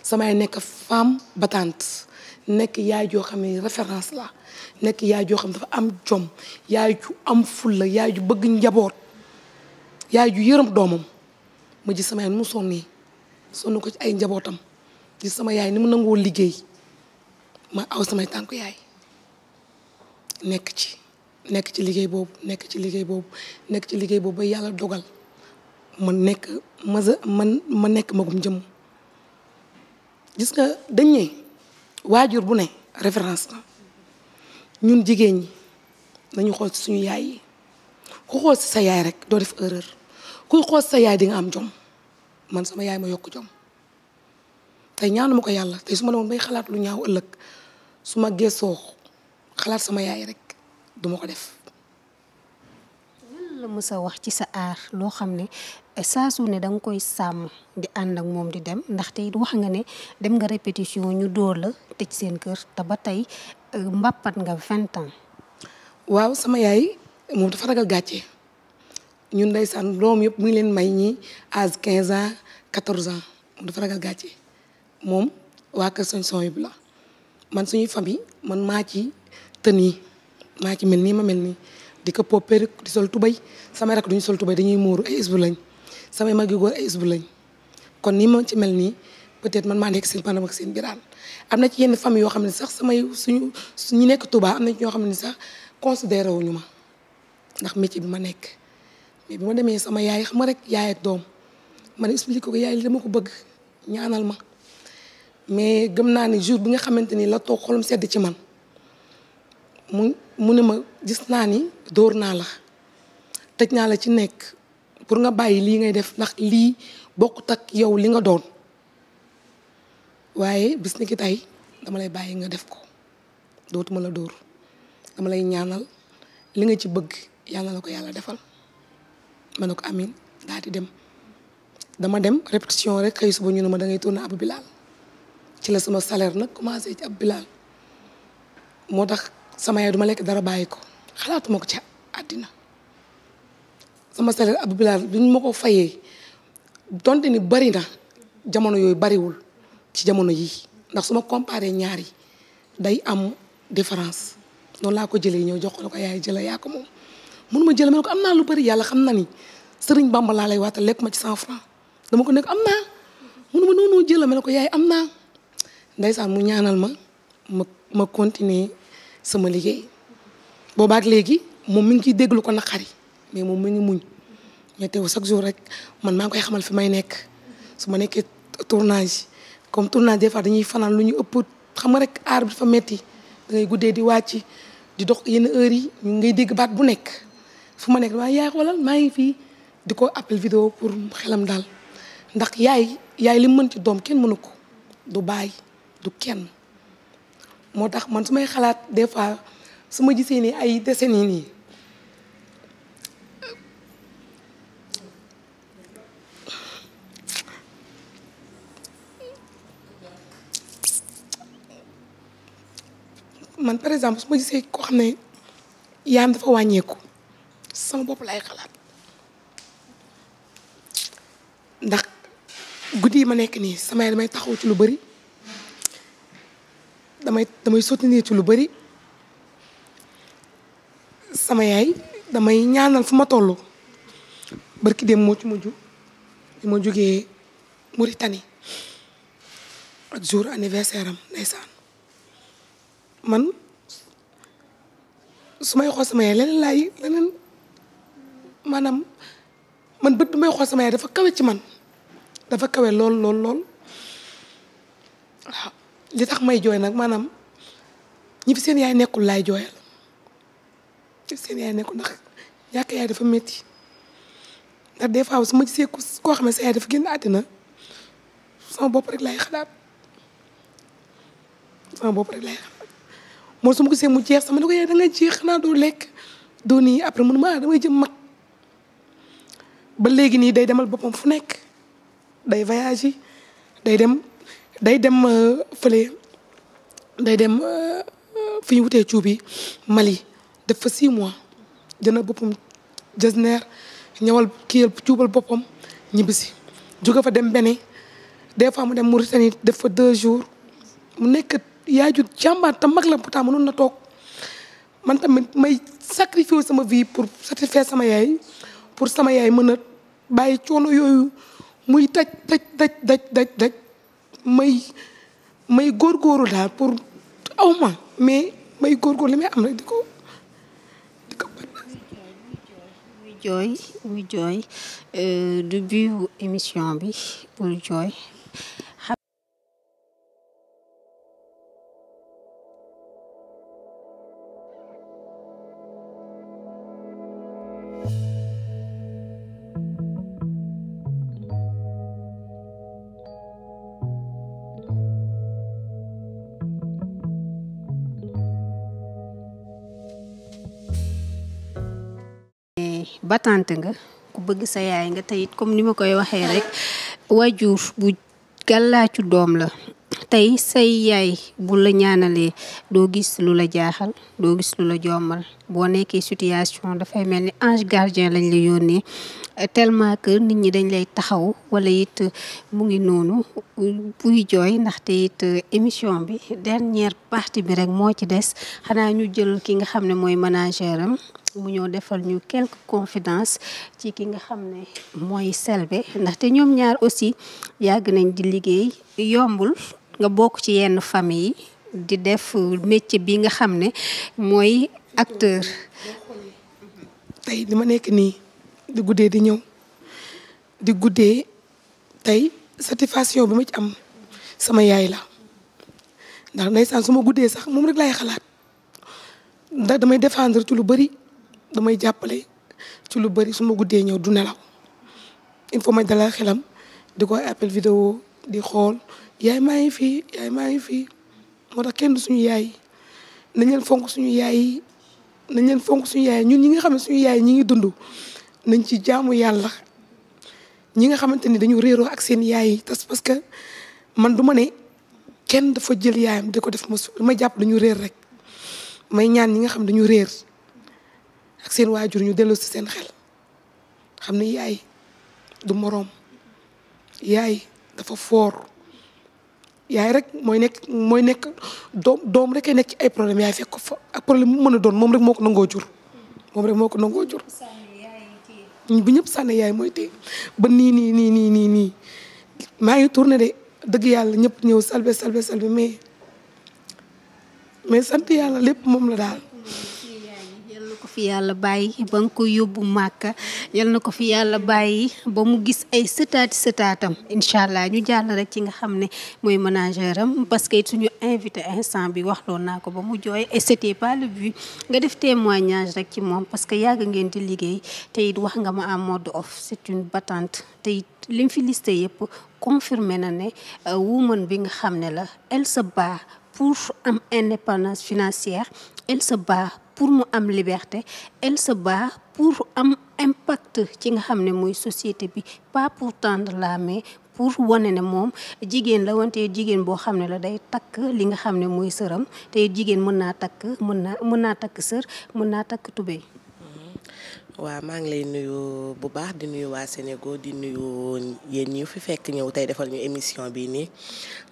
samay nekk femme battante nekk yaay joo xam ne référence la nekk yaay joo xam dafa am jom yaay ju am fulla yaay ju bëgg njaboot yaay ju yërëm doomam ma ji sama yaay ni mu sonnee sonn ko ci ay njabootam gis sama yaay ni mu nangoo liggéey ma aw samay tànk yaay nekk ci nekk ci liggéey boobu nekk ci liggéey boobu nekk ci liggéey boobu ba yàlla dogal ma nekk ma ma nekk magum jëmm gis nga dañ waajur bu ne référence la ñun jigéen ñi dañu xool ci suñu yaay yi xool ci sa yaay rek doo def erreur kuy xoos sa yaay di nga am jom man sama yaay ma yokk jom tey na ma ko yàlla tey su ma demoon bay xalaat lu ñaaw ëllëg su ma gëstoo xalaat sama yaay rek duma ko def. lan la mës wax ci sa aar loo xam ne eh, saa su ne danga koy sàmm di ànd ak moom di dem ndaxte it wax nga ne dem nga répétition ñu door la tëj seen kër te ba tey eh, mbàppat nga vingt waaw sama yaay moom dafa ragal gàcce. ñun ndeysaan doom yëpp mu ngi leen may ñii quinze 15 ans 14 ans dafa ragal gàcce moom waa kër sañ son yëpp la man suñuy famille man maa ci tën yi maa ci mel nii ma mel nii di ko popper di sol tubay samay duñu sol dañuy muuru ay lañ samay mag yu góor lañ kon nii ma ci mel nii peut-être man maa nekk seen panam ak seen biraan am na ci yenn famille yoo xam ne sax samay suñu ñi nekk tubaa am na ci ñoo xam ne sax considéré wuñu ma ndax métier bi ma nekk mais bi ma demee sama yaay xam nga rek yaay ak doom ma ne expliqué ko yaay li dama ko bëgg ñaanal ma mais gëm naa ni jour bi nga xamante ni la toog xolam sedd ci man mu mu ne ma gis naa ni dóor naa la tëj naa la ci nekk pour nga bàyyi lii ngay def ndax lii bokkut ak yow li nga doon waaye bis ni ki tey dama lay bàyyi nga def ko dootuma la dóor dama lay ñaanal li nga ci bëgg yàlla la ko yàlla defal man ne ko amin daal di dem dama dem répétition rek xëy suba ñun ma dangay ngay tourné ab bilaal ci la sama salaire nag commencé ci ab bilaal moo tax sama yaay duma lekk dara bàyyi ko xalaatuma ko ci àddina sama salaire abu bilaal bi ñu ma ko fayee donte ni bari na jamono yooyu bariwul ci jamono yii ndax su ma comparé ñaar day am différence noonu laa ko jële ñëw jox ko ne ko yaay jëla yaa ko moom mun ma jël ma ko am naa lu bëri yàlla xam na ni sëriñ Bamba laa lay waatal lekk ma ci cent franc dama ko nekk am naa mun ma noonu jël ma ne ko yaay am naa ndeysaan mu ñaanal ma ma ma continuer sama liggéey boobaak léegi moom mi ngi ciy déglu ko naqari mais moom mi ngi muñ mais teew chaque jour rek man maa ngi koy xamal fi may nekk su ma nekkee tournage comme tournage des fois dañuy fanaan lu ñuy ëpp xam rek aar bi dafa metti da ngay guddee di ci di dox yenn heures yi ñu ngay dégg baat bu nekk fu ma nekk waaye yaay xoolal maa ngi fii di ko appel vidéo pour xelam daal ndax yaay yaay li mën ci doom kenn mënu ko du bàyyi du kenn moo tax man su may xalaat des fois su ma gisee nii ay nii man par exemple su ma gisee koo xam ne yaayam dafa wàññeeku sama bopp laay xalaat ndax guddi ma nekk nii sama damay taxaw ci lu bari damay damay soutenir ci lu bari sama yaay damay ñaanal fu ma toll barki dem moo ci mujj li ma jógee muritani ak jour anniversaire am ndeysaan man su may xool sama yaay leneen laay leneen maanaam man bët bi may xool sama yaay dafa kawe ci man dafa kawe lool lool lool waaw li tax may jooy nag maanaam ñi fi seen yaay nekkul laay jooyal ñi fi seen yaay nekkul ndax ñàkk yaay dafa metti ndax des fois su ma gisee ku koo xam ne sa yaay dafa génn àddina sama bopp rek laay xalaat sama bopp rek laay xalaat moom su ma gisee mu jeex sama ne ko yaay da nga jeex xanaa doo lekk doo nii après mun ma ah, damay jëm mag. ba léegi nii day demal boppam fu nekk day voyage day dem day dem euh, fële day dem euh, fi ñu wutee cuub yi Mali def fa six mois jëna boppam jasneer ñëwal kiyal cuubal boppam ñibbisi jóge fa dem Bénin des fois mu dem Mauritanie def fa deux jours mu nekk yaay ju jàmbaar te mag la pourtant mënoon na toog man tamit may sacrifier sama vie pour satisfaire sama yaay pour sama yaay mën a bàyyi coono yooyu muy daj daj daj daj daj daj may may góorgóoru daal pour aw ma mais may góorgóor li may am rek di ko di ko muy jooy muy jooy euh, début émission bi pour jooy patante nga ku bëgg sa yaay nga tey it comme ni ma koy waxee rek waajur bu gàllaacu doom la tey say yaay bu la ñaanalee doo gis lu la jaaxal doo gis lu la jommal boo nekkee situation dafay mel ni ange gardien lañ la yónnee tellement que nit ñi dañ lay taxaw wala it mu ngi noonu buy jooy ndaxte it émission bi dernière partie bi rek moo ci des xanaa ñu jël ki nga xam ne mooy manager mu ñëw defal ñu quelque confidence ci ki nga xam ne mooy Selbé ndaxte ñoom ñaar aussi yàgg nañ di liggéey yombul nga bokk ci yenn famille di def métier bi nga xam ne mooy acteur. tey li ma nekk nii di guddee di ñëw di guddee tey satisfaction bi ma ci am sama yaay la ndax ndeysaan su ma guddee sax moom rek laay xalaat ndax damay défendre ci lu bari damay jàppale ci lu bari su ma guddee ñëw du nelaw il faut ma dalal xelam di ko appel vidéo di xool yaay maa ngi fii yaay maa ngi fii moo tax kenn suñu yaay nañ leen fonk suñu yaay yi nañ leen fonk suñu yaay ñun ñi nga xam ne suñu yaay ñu ngi dundu nañ ci jaamu yàlla ñi nga xamante ni dañu réeroo ak seen yaay yi tas parce que man du ma ne kenn dafa jël yaayam di ko def ma jàpp dañu réer rek may ñaan ñi nga xam dañu réer ak seen waajur ñu delloo si seen xel xam ne yaay du moroom yaay dafa foor yaay rek mooy nekk mooy nekk doom doom rek ay nekk ci ay problème yaay fekk ko fa ak problème mu mën a doon moom rek moo ko nangoo jur moom rek moo nangoo jur bu ñëpp sànni yaay mooy téye ba nii nii nii nii nii nii maa ngi tourné de dëgg yàlla ñëpp ñëw salbe salbe salbe mais mais sant yàlla lépp moom la daal fi yàlla bàyyi ba nga ko yóbbu màkka yal na ko fi yàlla bàyyi ba mu gis ay sëtaati sëtaatam incha allah ñu jàll rek ci nga xam ne mooy ménagère am parce que suñu invité instant bi wax waxloon naa ko ba mu jooy et c'était pas le but nga def témoignage rek ci moom parce que yàgg ngeen di liggéey te wax nga ma am mode off c'est une battante te lim fi liste yëpp confirmé na ne euh, woman bi nga xam ne la elle se bat pour am indépendance financière elle se bat pour mu am liberté elle se bat pour am impact ci nga xam ne mooy société bi pas pour tendre la main pour wane ne moom jigéen la wante jigéen boo xam ne la day takk li nga xam ne mooy sëram tey jigéen mën naa takk mën naa mën naa takk sër mën naa takk tubéy waaw maa ngi lay nuyu bu baax di nuyu waa Sénégal di nuyu yéen ñi fi fekk ñëw tey defal ñu émission bi nii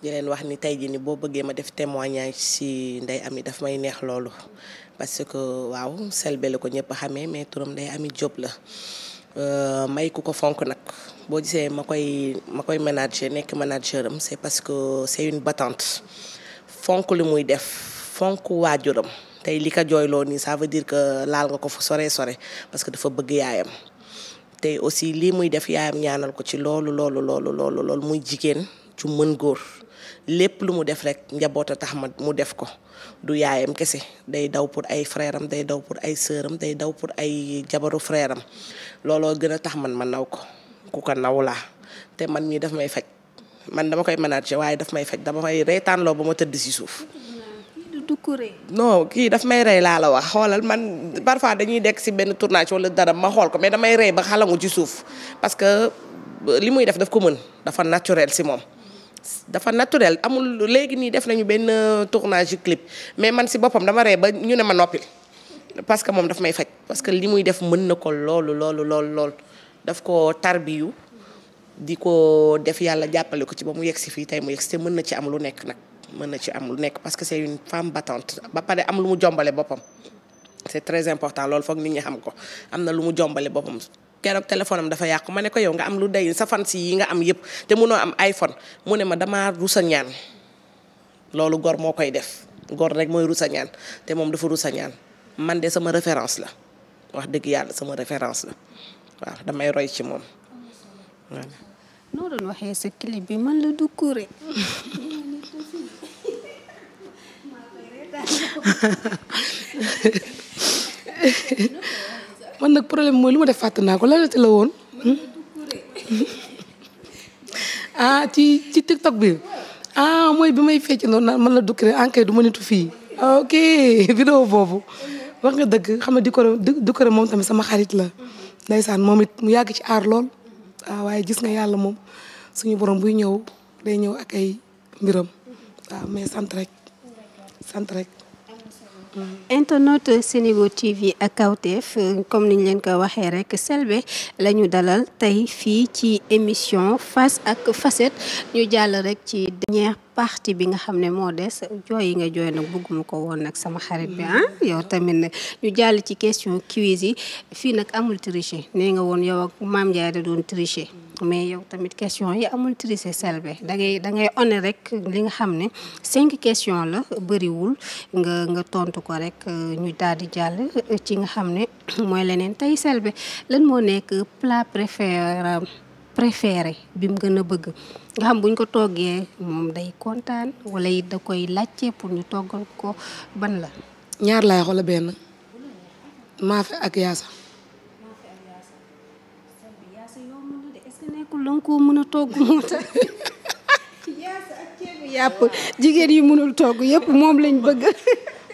di wax ni tey ji ni boo bëggee ma def témoignage ci Ndeye Amy daf may neex loolu parce que waaw Selbé la ko ñëpp xamee mais turam Ndeye Amy Diop la euh, may ku ko fonk nag boo gisee ma koy ma koy manager nekk manager am c'est parce que c'est une battante fonk li muy def fonk waajuram tey li ko jooyloo nii ça veut dire que laal nga ko fu sore sore parce que dafa bëgg yaayam tey aussi lii muy def yaayam ñaanal ko ci loolu loolu loolu loolu loolu muy jigéen ju mën góor lépp lu mu def rek njaboot a tax ma mu def ko du yaayam kese day daw pour ay frère day daw pour ay sœur day daw pour ay jabaru frère looloo gën a tax man ma naw ko ku ko naw laa te man mii daf may faj man dama koy manager waaye daf may faj dama koy reetaanloo ba ma tëdd si suuf tukkuree. non kii daf may rey laa la wax xoolal man parfois dañuy dekk si benn tournage wala dara ma xool ko mais damay rey ba xalangu ci suuf parce que euh, li muy def daf ko mën dafa naturel si moom. dafa naturel amul léegi nii def nañu benn euh, tournage yu mais man si boppam dama ree ba ñu ne ma noppi parce que moom daf may faj parce que li muy def mën na ko loolu loolu loolu loolu daf ko tarbiyu di ko def yàlla jàppale ko ci ba mu yegg si fii tey mu yegg si te mën na ci am lu nekk nag mën na ci am lu nekk parce que c'est une femme battante ba pare am lu mu jombale boppam c'est très important loolu foog nit ñi xam ko am na lu mu jombale boppam keroog téléphone am dafa yàqu ma ne ko yow nga am lu day sa fan si yi nga am yëpp te munoo am iPhone mu ne ma damaa rusa ñaan loolu gor moo koy def gor rek mooy rusa ñaan te moom dafa rusa ñaan man de sama référence la wax dëgg yàlla sama référence la waaw damay roy ci moom noo waxee sa clip man nag problème mooy lu ma def fàtte naa ko lanati la woon hmm? ah ci ci tiktok bi ah mooy bi may fecc noonu man la dukkure ankay du ma fii ok vidéo boobu wax nga dëgg xam ne di ko moom tamit sama xarit la ndeysaan moom it mu yàgg ci aar lool waaw ah, waaye gis nga yàlla moom suñu borom buy ñëw day ñëw ak ay mbiram waaw ah, mais sant rek sant rek. internaute TV ak kawte comme niñ leen ko waxee rek Selbé la ñu dalal tey fii ci émission face ak facette ñu jàll rek ci dernière partie bi nga xam ne moo des jooy yi nga jooy nag bëgguma ko woon nag sama xarit bi ah yow tamit nag ñu jàll ci question quiz yi fii nag amul tricher nee nga woon yow ak Mame Ndiaye da doon tricher. mais yow tamit question yi amul tricher Selbé da ngay da ngay one rek li nga xam ne cinq question la bëriwul nga nga tontu ko rek euh, ñu daal di jàll euh, ci nga xam ne mooy leneen tey Selbé lan moo nekk plat préféré préféré bi mu gën a bëgg nga xam buñ ko toggee moom day kontaan wala it da koy laajte pour ñu toggal ko ban la ñaar laay xool benn maafe ak yaasa nekkul da nga mën a togg moo tax yaasa ak ceebu yàpp jigéen yi mënul togg yëpp moom lañ bëgg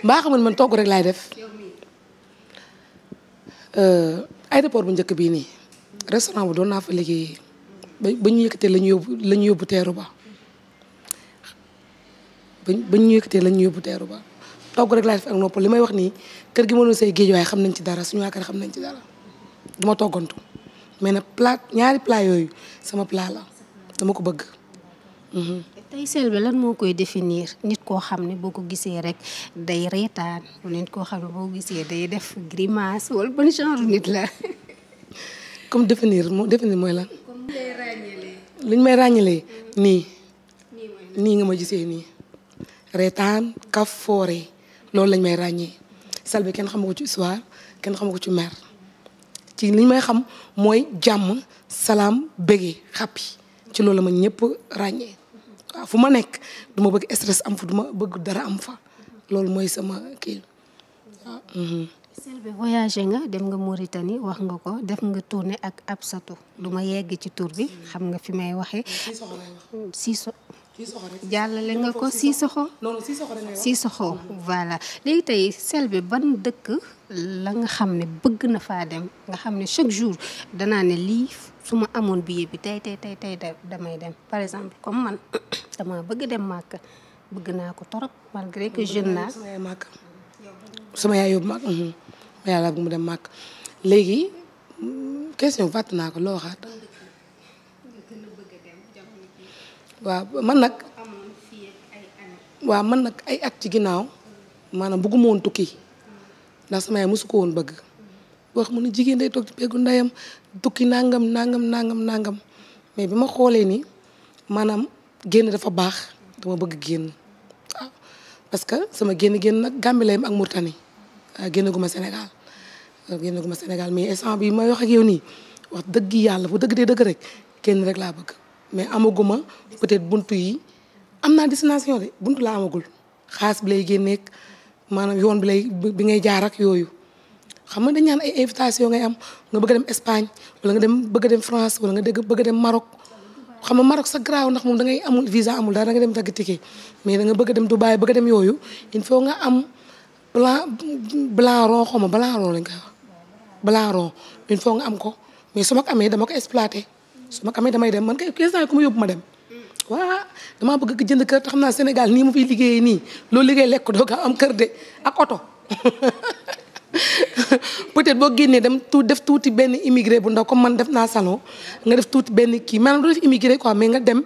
mbaa man togg rek laay def euh, aéroport bu njëkk bii nii restaurant bu doon naa fa liggéey ba ñu yëkkatee lañu yóbbu la ñu yóbbu teeru ba ba ñu yëkkatee la ñu yóbbu ba togg rek laay def ak nopp li may wax nii kër gi mënul say géej waaye xam nañ ci dara suñu waa kër xam nañ ci dara duma toggantu mais nag plat ñaari plat yooyu sama plat la dama ko bëgg. Mhm. tey Selbé lan moo koy définir nit koo xam ne boo ko gisee rek day reetaan wala nit koo xam ne boo ko gisee day def grimace wala ban genre nit la. comme moo définir mooy lan. comme may ràññalee mhm. nii. nii nga ma gisee nii. reetaan kaf foore loolu lañ may ràññee Selbé kenn xamu ko ci histoire kenn xamu ko ci mer. ci liñ may xam mooy jàmm salaam bëggee xàppi ci loolu ma ñëpp ràññee waaw fu ma nekk du ma bëgg stress am fu du ma bëgg dara am fa loolu mooy sama kii waaw. Mhm. Selbé nga dem nga Mauritanie wax nga ko def nga tournée ak Absatou du ma yegg ci tour bi xam nga fi may waxee. jàllale nga ko si soxo si Sissoko voilà léegi tey Selbé ban dëkk la nga xam ne bëgg na faa dem nga xam ne chaque jour danaa ne lii su ma amoon billet bi tey tey tey tey damay dem par exemple comme man dama bëgg dem Màkka bëgg naa ko torop malgré que jeune naa sama yaay yóbbu Màkka mhm. ma yàlla bu mu dem Màkka léegi mm, question fàtt naa ko loo waaw man nag. waaw man nag ay at ci ginnaaw maanaam bëgguma woon tukki ndax sama yaay mosu woon bëgg. wax mu ne jigéen day toog ci peggu ndeyam tukki nangam nangam nangam nangam mais bi ma xoolee ni maanaam génn dafa baax dama bëgg génn waaw parce que sama génn génn nag Gambie layam ak Mauritanie génn gu ma Sénégal génn gu ma Sénégal mais instant bi ma wax ak yow nii wax dëgg yàlla bu dëgg dee dëgg rek génn rek laa bëgg. mais amaguma peut-être buntu yi am naa destination de buntu laa amagul xaas bi lay génneeg maanaam yoon bi lay bi ngay jaar ak yooyu xam nga dañ ñaan ay invitation ngay am nga bëgg a dem Espagne nga dem bëgg a dem France wala nga dégg bëgg dem Maroc xam nga Maroc sa graaw ndax moom da ngay amul visa amul dara da nga dem dagg ticket mais da nga bëgg dem Dubaï bëgg a dem yooyu il faut nga am blanc blanc rond xaw ma blanc rond lañ koy il faut nga am ko mais su ma amee dama ko exploité. su ma amee damay dem man kay instant yi ku ma yóbbu ma dem waa damaa bëgg jënd kër te xam naa Sénégal nii mu fiy liggéeyee nii loolu liggéey lekk doo am kër de ak oto peut-être boo génnee dem tu def tuuti benn immigré bu ndaw comme man def naa salon nga def tuuti benn kii maanaam doo def immigré quoi mais nga dem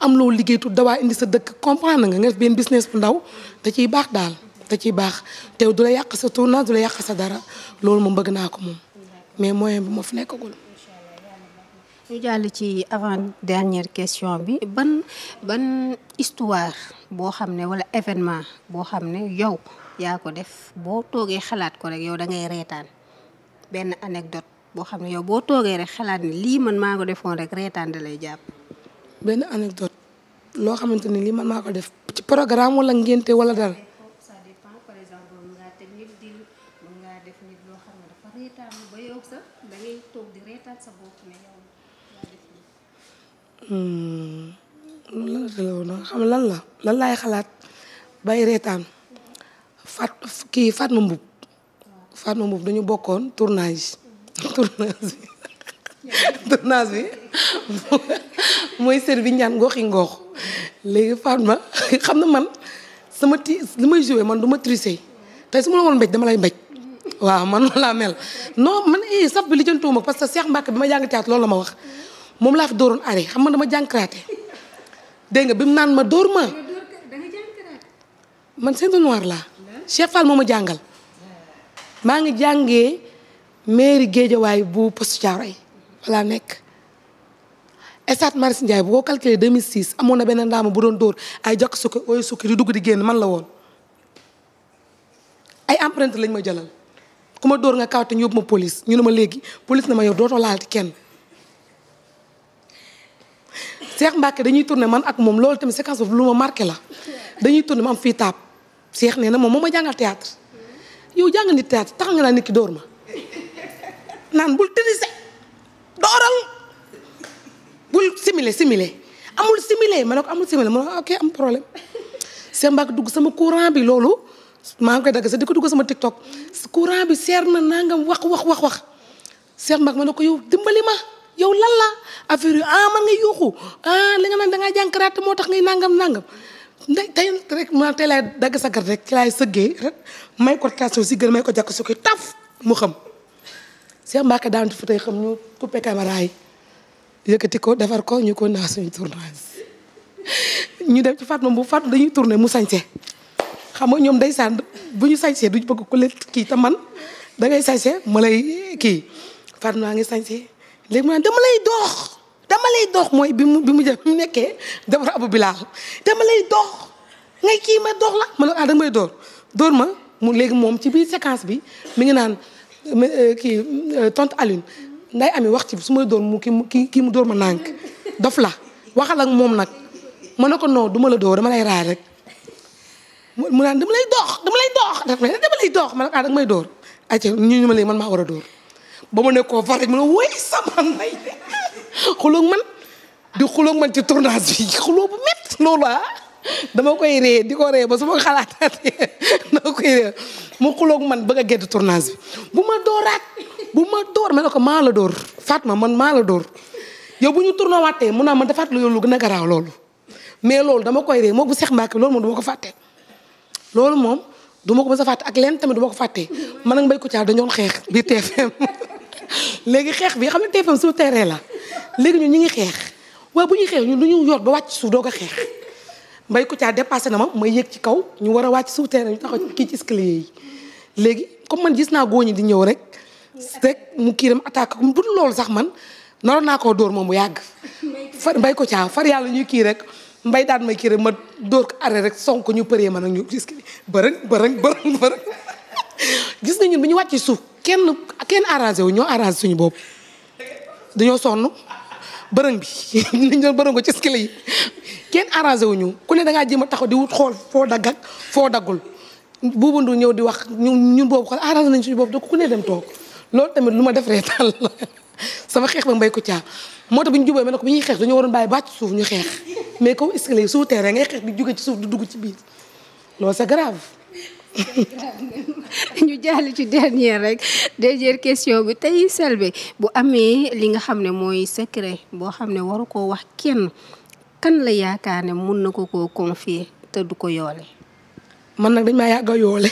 am loo liggéey tuuti dawaa indi sa dëkk comprendre nga nga def benn business bu ndaw da ciy baax daal da ciy baax te du la yàq sa tournage du la yàq sa dara loolu moom bëgg naa ko moom mais moyen bi moo fi nekkagul. ñu jàll ci avant dernière question bi ban ban histoire boo xam ne wala événement boo xam ne yow yaa ko def boo toogee xalaat ko rek yow da reetaan benn anecdote boo xam ne yow boo toogee rek xalaat ni lii man maa ko defoon rek reetaan da lay jàpp. benn anecdote loo xamante ni lii man maa ko def ci programme wala ngénte wala dara. Hmm. lan la lan la lan laay xalaat bay reetaan fat kii Fatma Mbuub Fatma Mbuub dañu bokkoon tournage tournage bi mooy sër bi ñaan ngooxi ngoox léegi Fatma xam na man sama ti li may joué man duma ma tricher tey su ma la woon mbéj dama lay mbéj waaw man laa mel non man eh saf bi lijjantuwuma parce que Cheikh Mbacke bi ma jàng caat loolu la ma wax moom laa fi dooroon arrêt xam nga dama jànkraate dégg nga bi mu naan ma dóor ma man Sainte Noire laa Cheikh Fall moo ma jàngal maa ngi jàngee mairie Géejawaay bu postu Thiaroye balaa nekk Esat Maris Ndiaye bu ko calculé 2006 amoon na benn ndaama bu doon dóor ay jokk sukki ooy di dugg di génn man la woon ay empreinte lañ ma jëlal ku ma dóor nga kawte ñu yóbbu ma police ñu ne ma léegi police na ma yow dootoo laalati kenn Cheikh Mbacke dañuy tourné man ak moom loolu tamit séquence boobu lu ma marqué la dañuy tourné ma am fii taab Cheikh nee na moom moo ma jàngal théâtre yow jàng nit théâtre tax nga naa nit ki dóor ma naan bul tirise dooral bul simile simile amul simile ma ne ko amul simile ma ne ko am problème Cheikh Mbacke dugg sama courant bi loolu maa ngi koy dagg sa di ko dugg sama TikTok courant bi seer na nangam wax wax wax wax Cheikh Mbacke ma ne ko yow dimbali ma yow lan la affaire yi ah man nga yuuxu ah li nga naan da ngaa jàng karaté moo tax ngay nangam nangam nda tey rek ma tey laay dagg sa rek ci laay sëggee rek may ko taasoo si gën may ko jàkk su koy taf mu xam. Cheikh Mbacke daan fa tey xam ñu coupé ko defar ko ñu ko naa dem ci Fatma bu Fatma dañuy tourné mu sañse xam nga ñoom day saan bu ñu sañsee duñ bëgg ku leen kii te man dangay sañse ma lay kii naa ngi sañse léegi mu ne dama lay dox dama lay dox mooy bi mu bi mu jë bi nekkee dabara abu bilaal dama lay dox ngay kii ma dox la ma ne ah danga may dóor dóor ma mu léegi moom ci biir séquence bi mi ngi naan euh, kii euh, tante Aline nday ami wax ci su may dóor mu kii kii mu dóor ma nànk dof la waxal ak moom nag ma ne ko non du ma la dóor dama lay raay rek mu naan dama lay dox dama lay lay dox ma ne ko ah danga may dóor ayca ñu ñu ma léegi man maa war a dóor ba ma nekkoon far rek ma ne woy sama ndey xulóog man di xulóog man ci tournage bi xulóo bu métti loolu ah dama koy ree di ko ree ba su ma xalaataatee dama koy ree mu xulóog man bëgg a gedd tournage bi bu ma dooraat bu ma door ma ne ko maa la door Fatma man maa la door yow bu ñu tourné waatee mun naa man dafaat la yow lu gën a garaaw loolu mais loolu dama koy ree moo bu Seex Mbàkke loolu moom dama ko fàtte loolu moom duma ko mës a ak leen tamit du ma ko fàtte man ak Mbaye Koutia dañoon xeex biir léegi xeex bi xam ne TFM suuf terrain la léegi ñun ñu ngi xeex waaye bu ñuy xeex ñun lu ñu yor ba wàcc suuf doo ko xeex mbay ko caa dépassé na ma may yéeg ci kaw ñu war a wàcc suuf terrain ñu taxaw kii ci escalier yi léegi comme man gis naa góoñi di ñëw rek rek mu kii dem attaque bu dul loolu sax man naroon naa koo dóor moom bu yàgg far ko caa far yàlla ñuy kii rek mbay daan may kii rek ma dóor ko arrêt rek sonk ñu përee ma nag ñu gis bërëng bërëng bërëng bërëng gis nañu ñun bi ñu wàcc suuf kenn kenn arrangé wu ñoo arrangé suñu bopp dañoo sonn bërëng bi nañ doon bërëng ko ci skile yi kenn arrangé wu ñu ku ne da ngaa jéem a taxaw di wut xool foo dagg foo daggul buubu ndu ñëw di wax ñun ñun boobu xool arrangé nañ suñu boobu da ku ne dem toog loolu tamit lu ma def reetaan la sama xeex ba mbay ko caa moo tax bu ñu jubee ma ko bu ñuy xeex dañoo waroon bàyyi bàcc suuf ñu xeex mais kaw escalier yi suuf terrain ngay xeex di jóge ci suuf di dugg ci biir loolu c'est grave ñu jàll ci dernière rek dernière question bi tey Selbé bu amee li nga xam ne mooy secret boo xam ne waru koo wax kenn kan la yaakaar ne mun na ko koo confier te du ko yoole. man nag dañ maa yàgg a yoole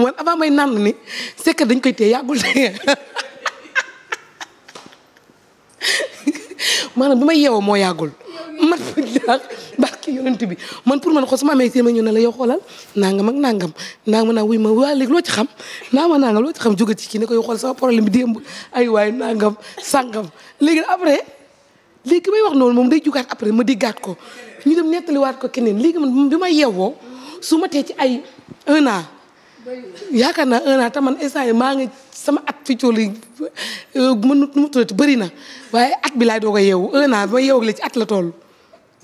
man avant may nànd ni secret dañ koy téye yàggul de maanaam bi moo yàggul. barki yonent bi man pour man xool sama amee téeméer ñu ne la yow xoolal nangam ak nangam naa ma naa wuy ma waa léegi loo ci xam naa ma nangam loo ci xam jóge ci kii ne ko yow xool sama problème bi démb ay waay nangam sangam léegi après léegi may wax noonu moom day jugaat après ma diggaat ko ñu dem nettaliwaat ko keneen léegi man bi ma yeewoo su ma tee ci ay un yaakaar naa un an te man instant maa ngi sama at fi cool yi euh, mënu nu mu bari na waaye at bi laay doog a yeewu un an bi ma yeewoo la ci at la tool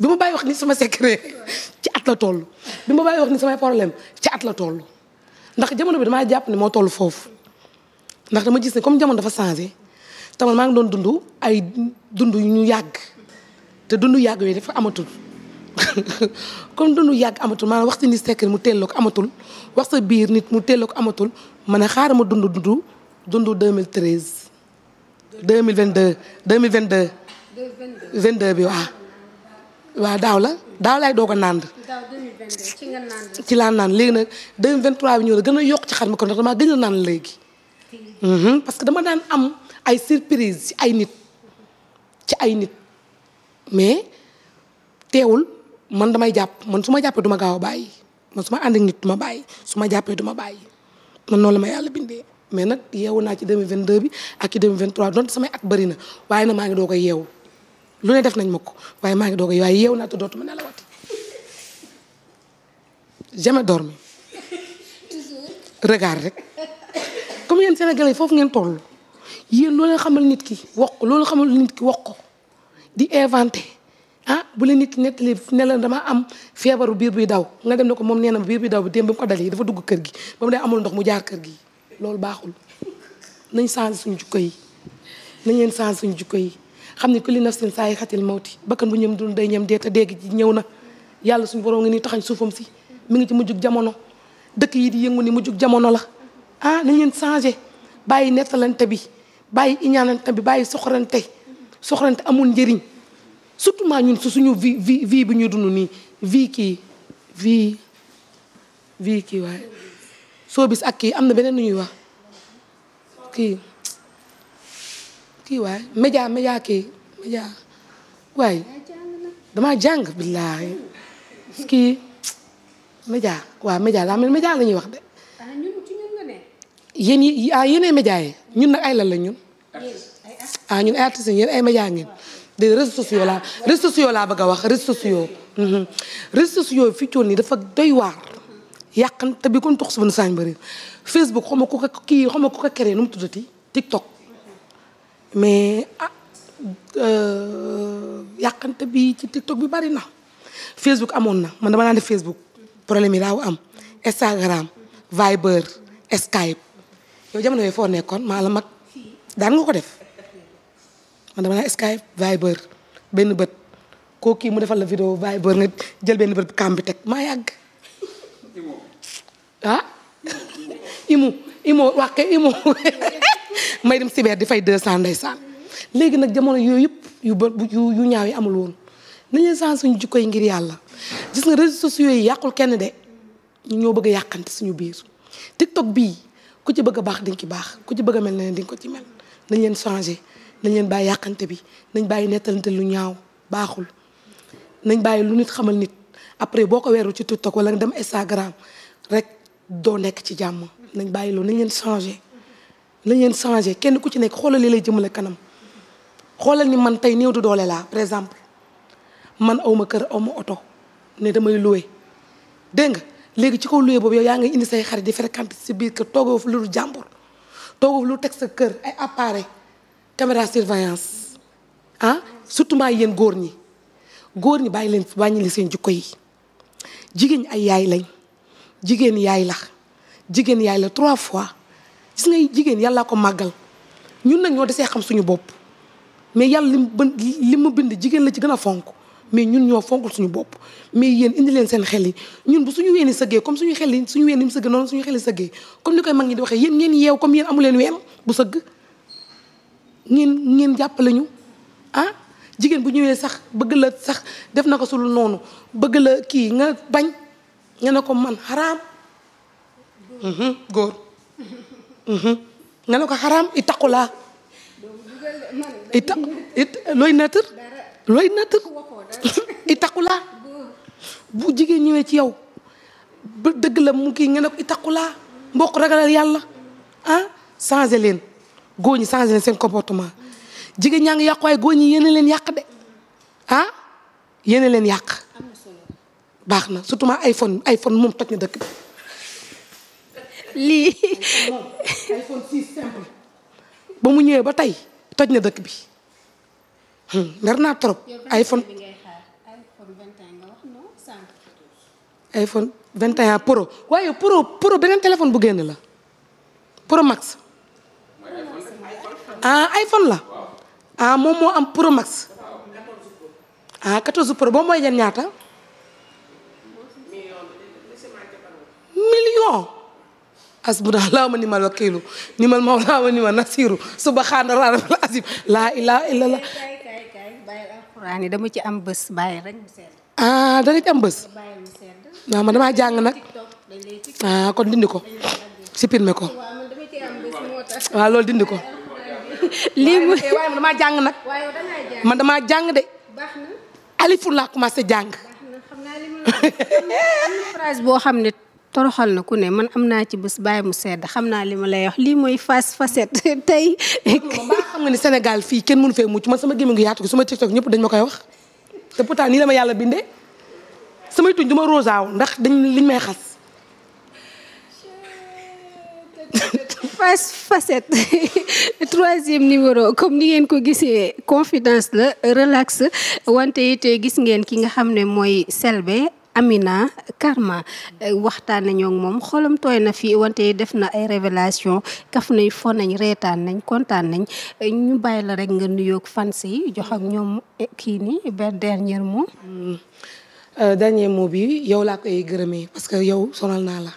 bi ma bàyyi wax ni sama secret ci at la toll bi ma bàyyi wax ni samay problème ci at la toll ndax jamono bi damaa jàpp ne moo tollu foofu ndax dama gis ne comme jamono dafa changé tamal maa ngi doon dundu ay dund yu ñu yàgg te dundu yàgg yooyu dafa amatul comme dund yàgg amatul maanaam wax si ni secret mu teel ko amatul wax sa biir nit mu teel ko amatul ma ne xaaral ma dund dund dund 2013 2022 2022 22 bi ah waa daaw la daaw laay doog a nànd. ci nga nànd. laa nànd léegi nag 2023 bi ñëw la gën a yokk ci xar mi kon nag damaa gën a nànd léegi. Mhm, parce que dama daan am ay surprise ci ay nit ci ay nit mais teewul man damay jàpp man su ma jàppee duma ma gaaw a bàyyi man su ma ànd nit du ma bàyyi su ma jàppee duma bàyyi man noonu la ma yàlla bindee mais nag yeewu naa ci 2022 bi ak ci 2023 donte samay at bëri na waaye nag maa ngi doog a yeewu. lu ne def nañ ma ko waaye maa ngi doog a waaye yeew naa te dootuma nelawati jamais dormi regard rek comme yéen sénégalais foofu ngeen toll yéen loolu leen xamal nit ki wax ko loolu xamal nit ki wax ko di inventé ah bu leen nit ki nettali ne la dama am feebaru biir buy daw nga dem ne ko moom nee na biir bi daw bi démb ba mu ko yi dafa dugg kër gi ba mu dee amul ndox mu jaar kër gi loolu baaxul nañ change suñu jukko yi nañ leen change suñ jukko yi xam ne kulli nafsin saayixatil mawti bakkan bu ñëm dul day ñëm dee te dégg ji ñëw na yàlla suñu borom ngi ni taxañ suufam si mu ngi ci mujjug jamono dëkk yi di yëngu ni mujjug jamono la ah nañ leen changé bàyyi nettalante bi bàyyi iñaanante bi bàyyi soxorante soxorante amul njëriñ surtout maa ñun su suñu vie vie vie ñu dund nii vi kii vi vie kii waaye soo bis ak kii am na beneen nu ñuy wax kii kii waay média média kii média waay damaa jàng billaahi kii média waaw média laa mel média la ñuy wax de. Ah, yéen yi ah yi ñun nag ay la ñun. ah ñun ay artistes yéen ay média ngeen. de réseaux sociaux laa réseaux sociaux laa bëgg a wax réseaux sociaux. Mhm. réseaux sociaux fi coon nii dafa doy waar. yàqan te bi kon tox suba na saañ Facebook xaw ma ku kii xaw ma ku ko créé tuddati TikTok. mais ah euh, yàqante bi ci TikTok bi bari na Facebook amoon na man dama naan def Facebook problème yi daaw am Instagram Viber Skype yow jamono yooyu foo nekkoon maa la mag daan nga ko def man dama naan Skype Viber benn bët koo kii mu defal la vidéo Viber nga jël benn bët kàmb bi teg maa yàgg ah. Imo Imo wax ke may dem Sibère di fay 200 ndeysaan léegi nag jamono yooyu yëpp yu ba yu ñaaw yi amul woon nañu saan suñu jikko yi ngir yàlla gis nga réseaux sociaux yi yàqul kenn de ñoo bëgg a yàqante suñu biir TikTok bii ku ci bëgg baax di nga ci baax ku ci bëgg mel na ne di ko ci mel nañ leen changé nañ leen bàyyi yàqante bi nañ bàyyi nettalante lu ñaaw baaxul nañ bàyyi lu nit xamal nit après boo ko weerul ci TikTok wala nga dem Instagram rek doo nekk ci jàmm nañ bàyyi nañ leen changé la ngeen changé kenn ku ci nekk xoolal li lay jëmale kanam xoolal ni man tey néew du doole laa par exemple man awma kër awma oto ne damay loué dégg nga léegi ci kaw loué boobu yaa ngi indi say xarit di fréquente si biir kër toogoo fi lu jàmbur toogoo fi lu teg sa kër ay appareil caméra surveillance ah surtout maa yéen góor ñi góor ñi bàyyi leen bàññi leen seen jukko yi jigéen ñi ay yaay lañ jigéen yaay la jigéen yaay la trois fois gis ngay jigéen yàllaa ko màggal ñun nag ñoo desee xam suñu bopp mais yàlla lim li mu bind jigéen la ci gën a fonk mais ñun ñoo fonkul suñu bopp mais yéen indi leen seen xel yi ñun bu suñu weeni sëggee comme suñu xel yi suñu ween yi mu sëgg noonu suñu xel yi sëggee comme ni koy mag ñi di waxee yéen ngeen yeew comme yéen amu leen ween bu sëgg ngeen ngeen jàppale ñu ah jigéen bu ñëwee sax bëgg la sax def na ko sul noonu bëgg la kii nga bañ nga ne ko man xaraam mhm, góor Mhm. nanu ko xaraam i laa i ta it looy nattar laa bu jigéen ñëwee ci yow ba dëgg la mu kii nga ne ko i laa mbokk ragalal yàlla ah changé leen góor ñi changé seen comportement jigéen ñaa ngi yàq waaye góor ñi yéen leen yàq de ah yéen leen yàq baax na surtout ma iPhone iPhone moom toj na dëkk lii. ba mu ñëwee ba tey toj na dëkk bi mer hmm, naa trop. iPhone iPhone 21 pro waaye pro pro beneen téléphone bu génn la pro max. ah iPhone la. ah moom moo am pro max. ah 14 pro boo mooy jël ñaata. million. asbuna laa ma nimal wakiilu nimal mawlaa ma nimal nasiiru subhaana rabbil aziim laa ilaaha illallaah alxuraan dama ci am bés bàyyi rek mu sedd ah dana ci am bés ah, jàng nag ah kon dindi ko supprimer ko waaw ah, loolu dindi ko jàng nag man damaa jàng de alifu laa commencé jàng phrase boo xam ne toroxal na ku ne man am naa ci bés bàyyi mu sedd xam naa li ma lay wax lii mooy face facette tey. xam nga ni Sénégal fii kenn mënu fee mucc man sama gémmiñ gi yaatu ko sama TikTok ñëpp dañ ma koy wax la ma yàlla bindee samay tuñ ndax dañ liñ may xas. face troisième numéro comme ni ngeen ko gisee confidence la relax wante it gis ngeen ki nga xam ne mooy Selbé Amina Karma mm. eh, waxtaan nañoo moom xolam tooy na fii wante def na ay révélation kaf nañ fo nañ reetaan nañ kontaan nañ eh, ñu bàyyi la rek nga nuyoog fans yi jox ak ñoom eh, kii nii benn dernier mot. Mm. Euh, dernier mot bi yow laa koy gërëme parce que yow sonal naa la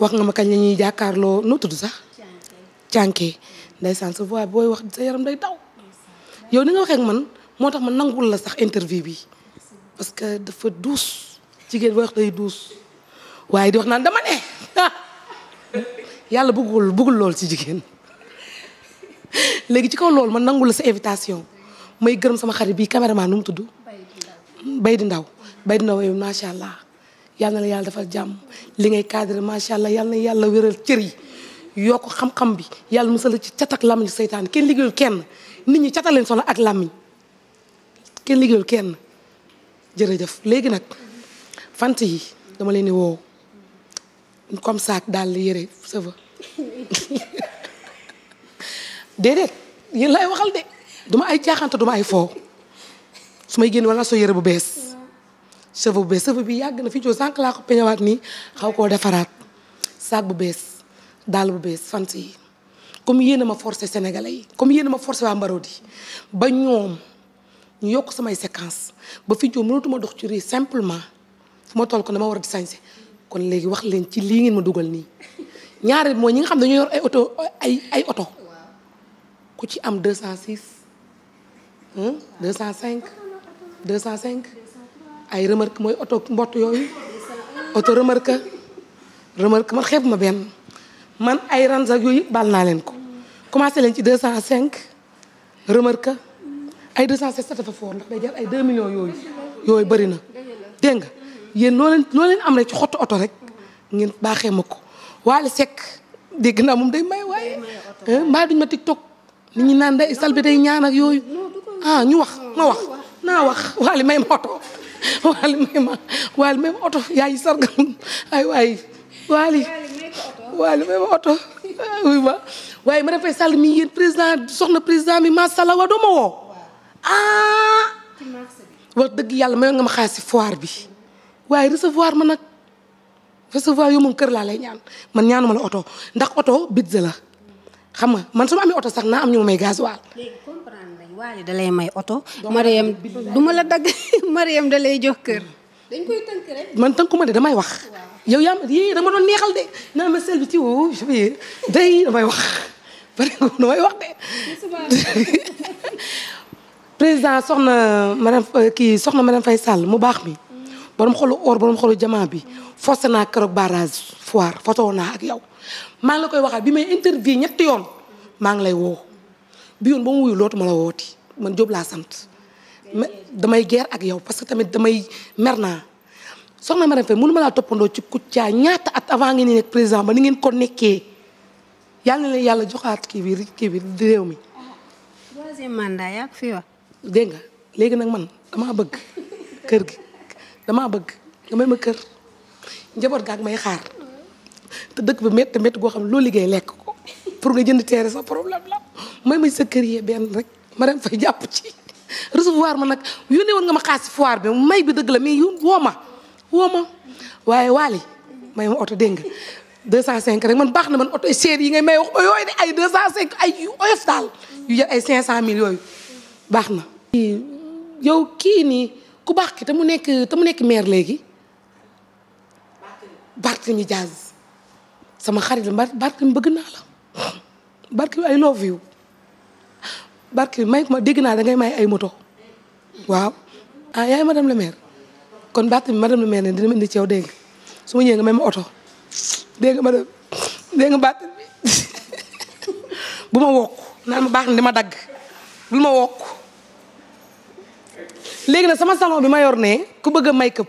wax nga ma kañ la ñuy jàkkaarloo noo tudd sax. cànke ndeysaan sa voix booy wax sa yaram day daw yow ni nga waxee man moo tax ma nanguwul la sax interview bi. parce que dafa duus jigéen wax day waaye di wax naan dama ne bugg bëggul bëggul lool si jigéen léegi ci kaw loolu ma nangu la sa invitation may gërëm sama xarit bii caméraman nu mu tudd bay di ndaw bay di ndaw yow macha allah yàlla na la yàlla defal jàmm li ngay cadre macha allah yàlla na yàlla wéral cër yi yokk xam-xam bi yàlla musal ci cat ak làmmiñ seytaan kenn liggéeyul kenn nit ñi cataleen soxla ak làmmiñ kenn kenn jërëjëf léegi nag fant yi dama leen di woo comme ça daal yére ça va déedéet yéen laay waxal de duma ay jaaxante duma ay foo su may génn walla soo yére bu bees cheveux bu bees cheveux bi yàgg na fi joo sànq laa ko peñawaat nii xaw koo defaraat saag bu bees daal bu bees fant yi comme yéen a ma forcé sénégalais yi comme yéen ma forcé waa mbarodi ba ñoom ñu yokk samay séquence ba fi joo mënatuma dox ci rue simplement fu ma toll ko dama war a di sañse kon léegi wax leen ci lii ngeen ma dugal nii ñaari mooy ñi nga xam ne dañoo yor ay oto ay ay oto ku ci am 206 hmm, cent cinq ay remorque mooy oto mbott yooyu oto remorque remorque ma xeeb ma benn man ay ransak yooyu yëpp baal naa leen ko commencé leen ci cent 205 remorque ay 207 dafa foor ndax day jar ay 2 millions yooyu yooyu bëri na dégg nga yéen noo leen noo leen am rek ci xottu oto rek ngeen baaxee ma ko Wally Seck dégg naa moom day may waaye mbaa duñ ma TikTok nit ñi naan day sal bi day ñaan yooyu ah ñu wax ma wax naa wax Wally may ma oto Wally may ma Wally may ma oto yaay sargal ay waay Wally Wally may ma oto oui ma waaye ma sal mi yéen président soxna président mi ma sala wa doo ma woo ah wax dëgg yàlla mayoon nga ma xaalis si foir bi waaye recevoir ma nag recevoir yow moom kër laa lay ñaan man ñaanuma la oto ndax oto bidze la xam nga man su ma amee oto sax naa am ñu ma may gasoil. léegi comprendre da lay may oto. Mariam du ma la dagg Mariam da lay jox kër. dañ koy tënk rek. man tënku ma de damay wax. yow yaa yii dama doon neexal de naa ma sel bi ci woow je day damay wax pare damay wax de. président soxna madame kii soxna madame Faye Sall mu baax mi borom xolu or borom xolu jamaa bi forcé naa keroog barrage foire foto naa ak yow maa ngi la koy waxaat bi may interview ñetti yoon maa ngi lay woo bi yoon ba mu wuyu lootu ma la wooti man Diop laa sant damay guerre ak yow parce que tamit damay mer naa soxna Marème Faye mënu ma laa toppandoo ci Kouthia ñaata at avant ngeen di nekk président ba ni ngeen ko nekkee yàlla na leen yàlla joxaat kii bi kii bi réew mi. troisième dégg nga léegi nag man damaa bëgg kër gi damaa bëgg nga may ma kër njaboot gaag may xaar te dëkk bi mett métti goo xam ne loo liggéey lekk ko pour nga jënd teere sa problème la may may sa kër yee benn rek ma dem fay jàpp ci recevoir ma nag yu ne woon nga ma xaas foir bi may bi dëgg la mais yu woo ma ma waaye waali may ma oto dégg nga cinq rek man baax na man oto cher yi ngay may wax yooyu de ay 205 ay yu oyof daal yu jar ay 500000 yooyu baax na. yow kii nii ku baax ki te mu nekk te mu nekk maire léegi Barthélemy sama xarit la Barthélemy bëgg naa la Barthélemy I love you Barthélemy may ma dégg naa da ngay may ay moto waaw ah yaay madame la maire kon Barthélemy madame la maire ne dina ma indi ci yow dégg su ma ñëwee nga may ma oto dégg nga madame dégg nga Barthélemy bu ma wokk naan ma baax na dama dagg bul ma wokk léegi nag sama salon bi ma yor ne ku bëgg a make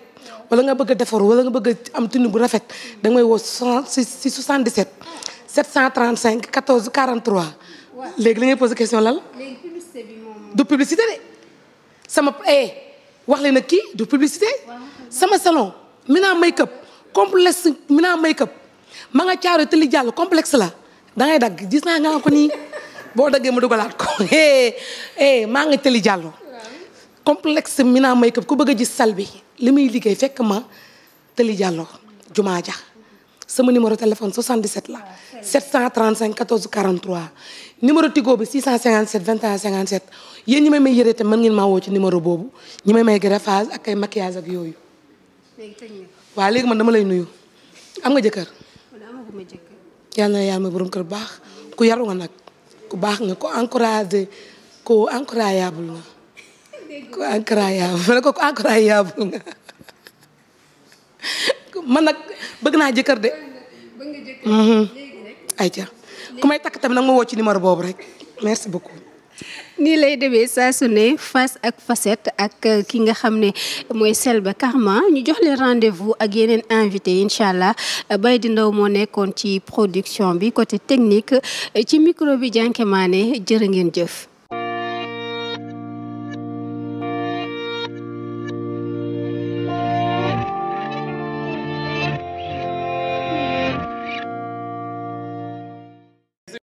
wala nga bëgg a defaru wala nga bëgg a am bu rafet da nga may woo si si 77 735 14 43. waaw léegi li ngay posé question lan. du publicité de sama eh wax leen nag kii du publicité. sama salon Mina make up complexe Mina make up nga caaro te li jàll la da ngay dagg gis naa nga ko nii boo daggee ma dugalaat ko eh, eh maa nga tëli jàllo complexe Mina Makeup ku bëgg a gis sal bi li muy liggéey fekk ma Tali Diallo jumaa ja sama numéro téléphone 77 la 735 14 43 numéro Tigo bi 657 21 57 yéen ñi may may yëre tam mën ngeen boobu ñi may may greffage ak ay maquillage ak yooyu. léegi tëj na waaw léegi man dama lay nuyu am nga jëkkër. man amaguma jëkkër. yàlla na yàlla kër bu baax ku yaru nga nag ku baax nga ku encouragé ku encourageable nga. ku ko ku incroyable nga man nag bëgg naa jëkkër de. bëgg mhm. ku may takk tamit nag ma woo ci numéro boobu rek merci beaucoup. nii lay demee saa su ne face ak facette ak euh, ki nga xam ne mooy Selbé Karma ñu jox leen rendez ak yeneen invité incha allah euh, bay di ndaw moo nekkoon ci production bi côté technique euh, ci micro bi jànke maane jërë ngeen jëf.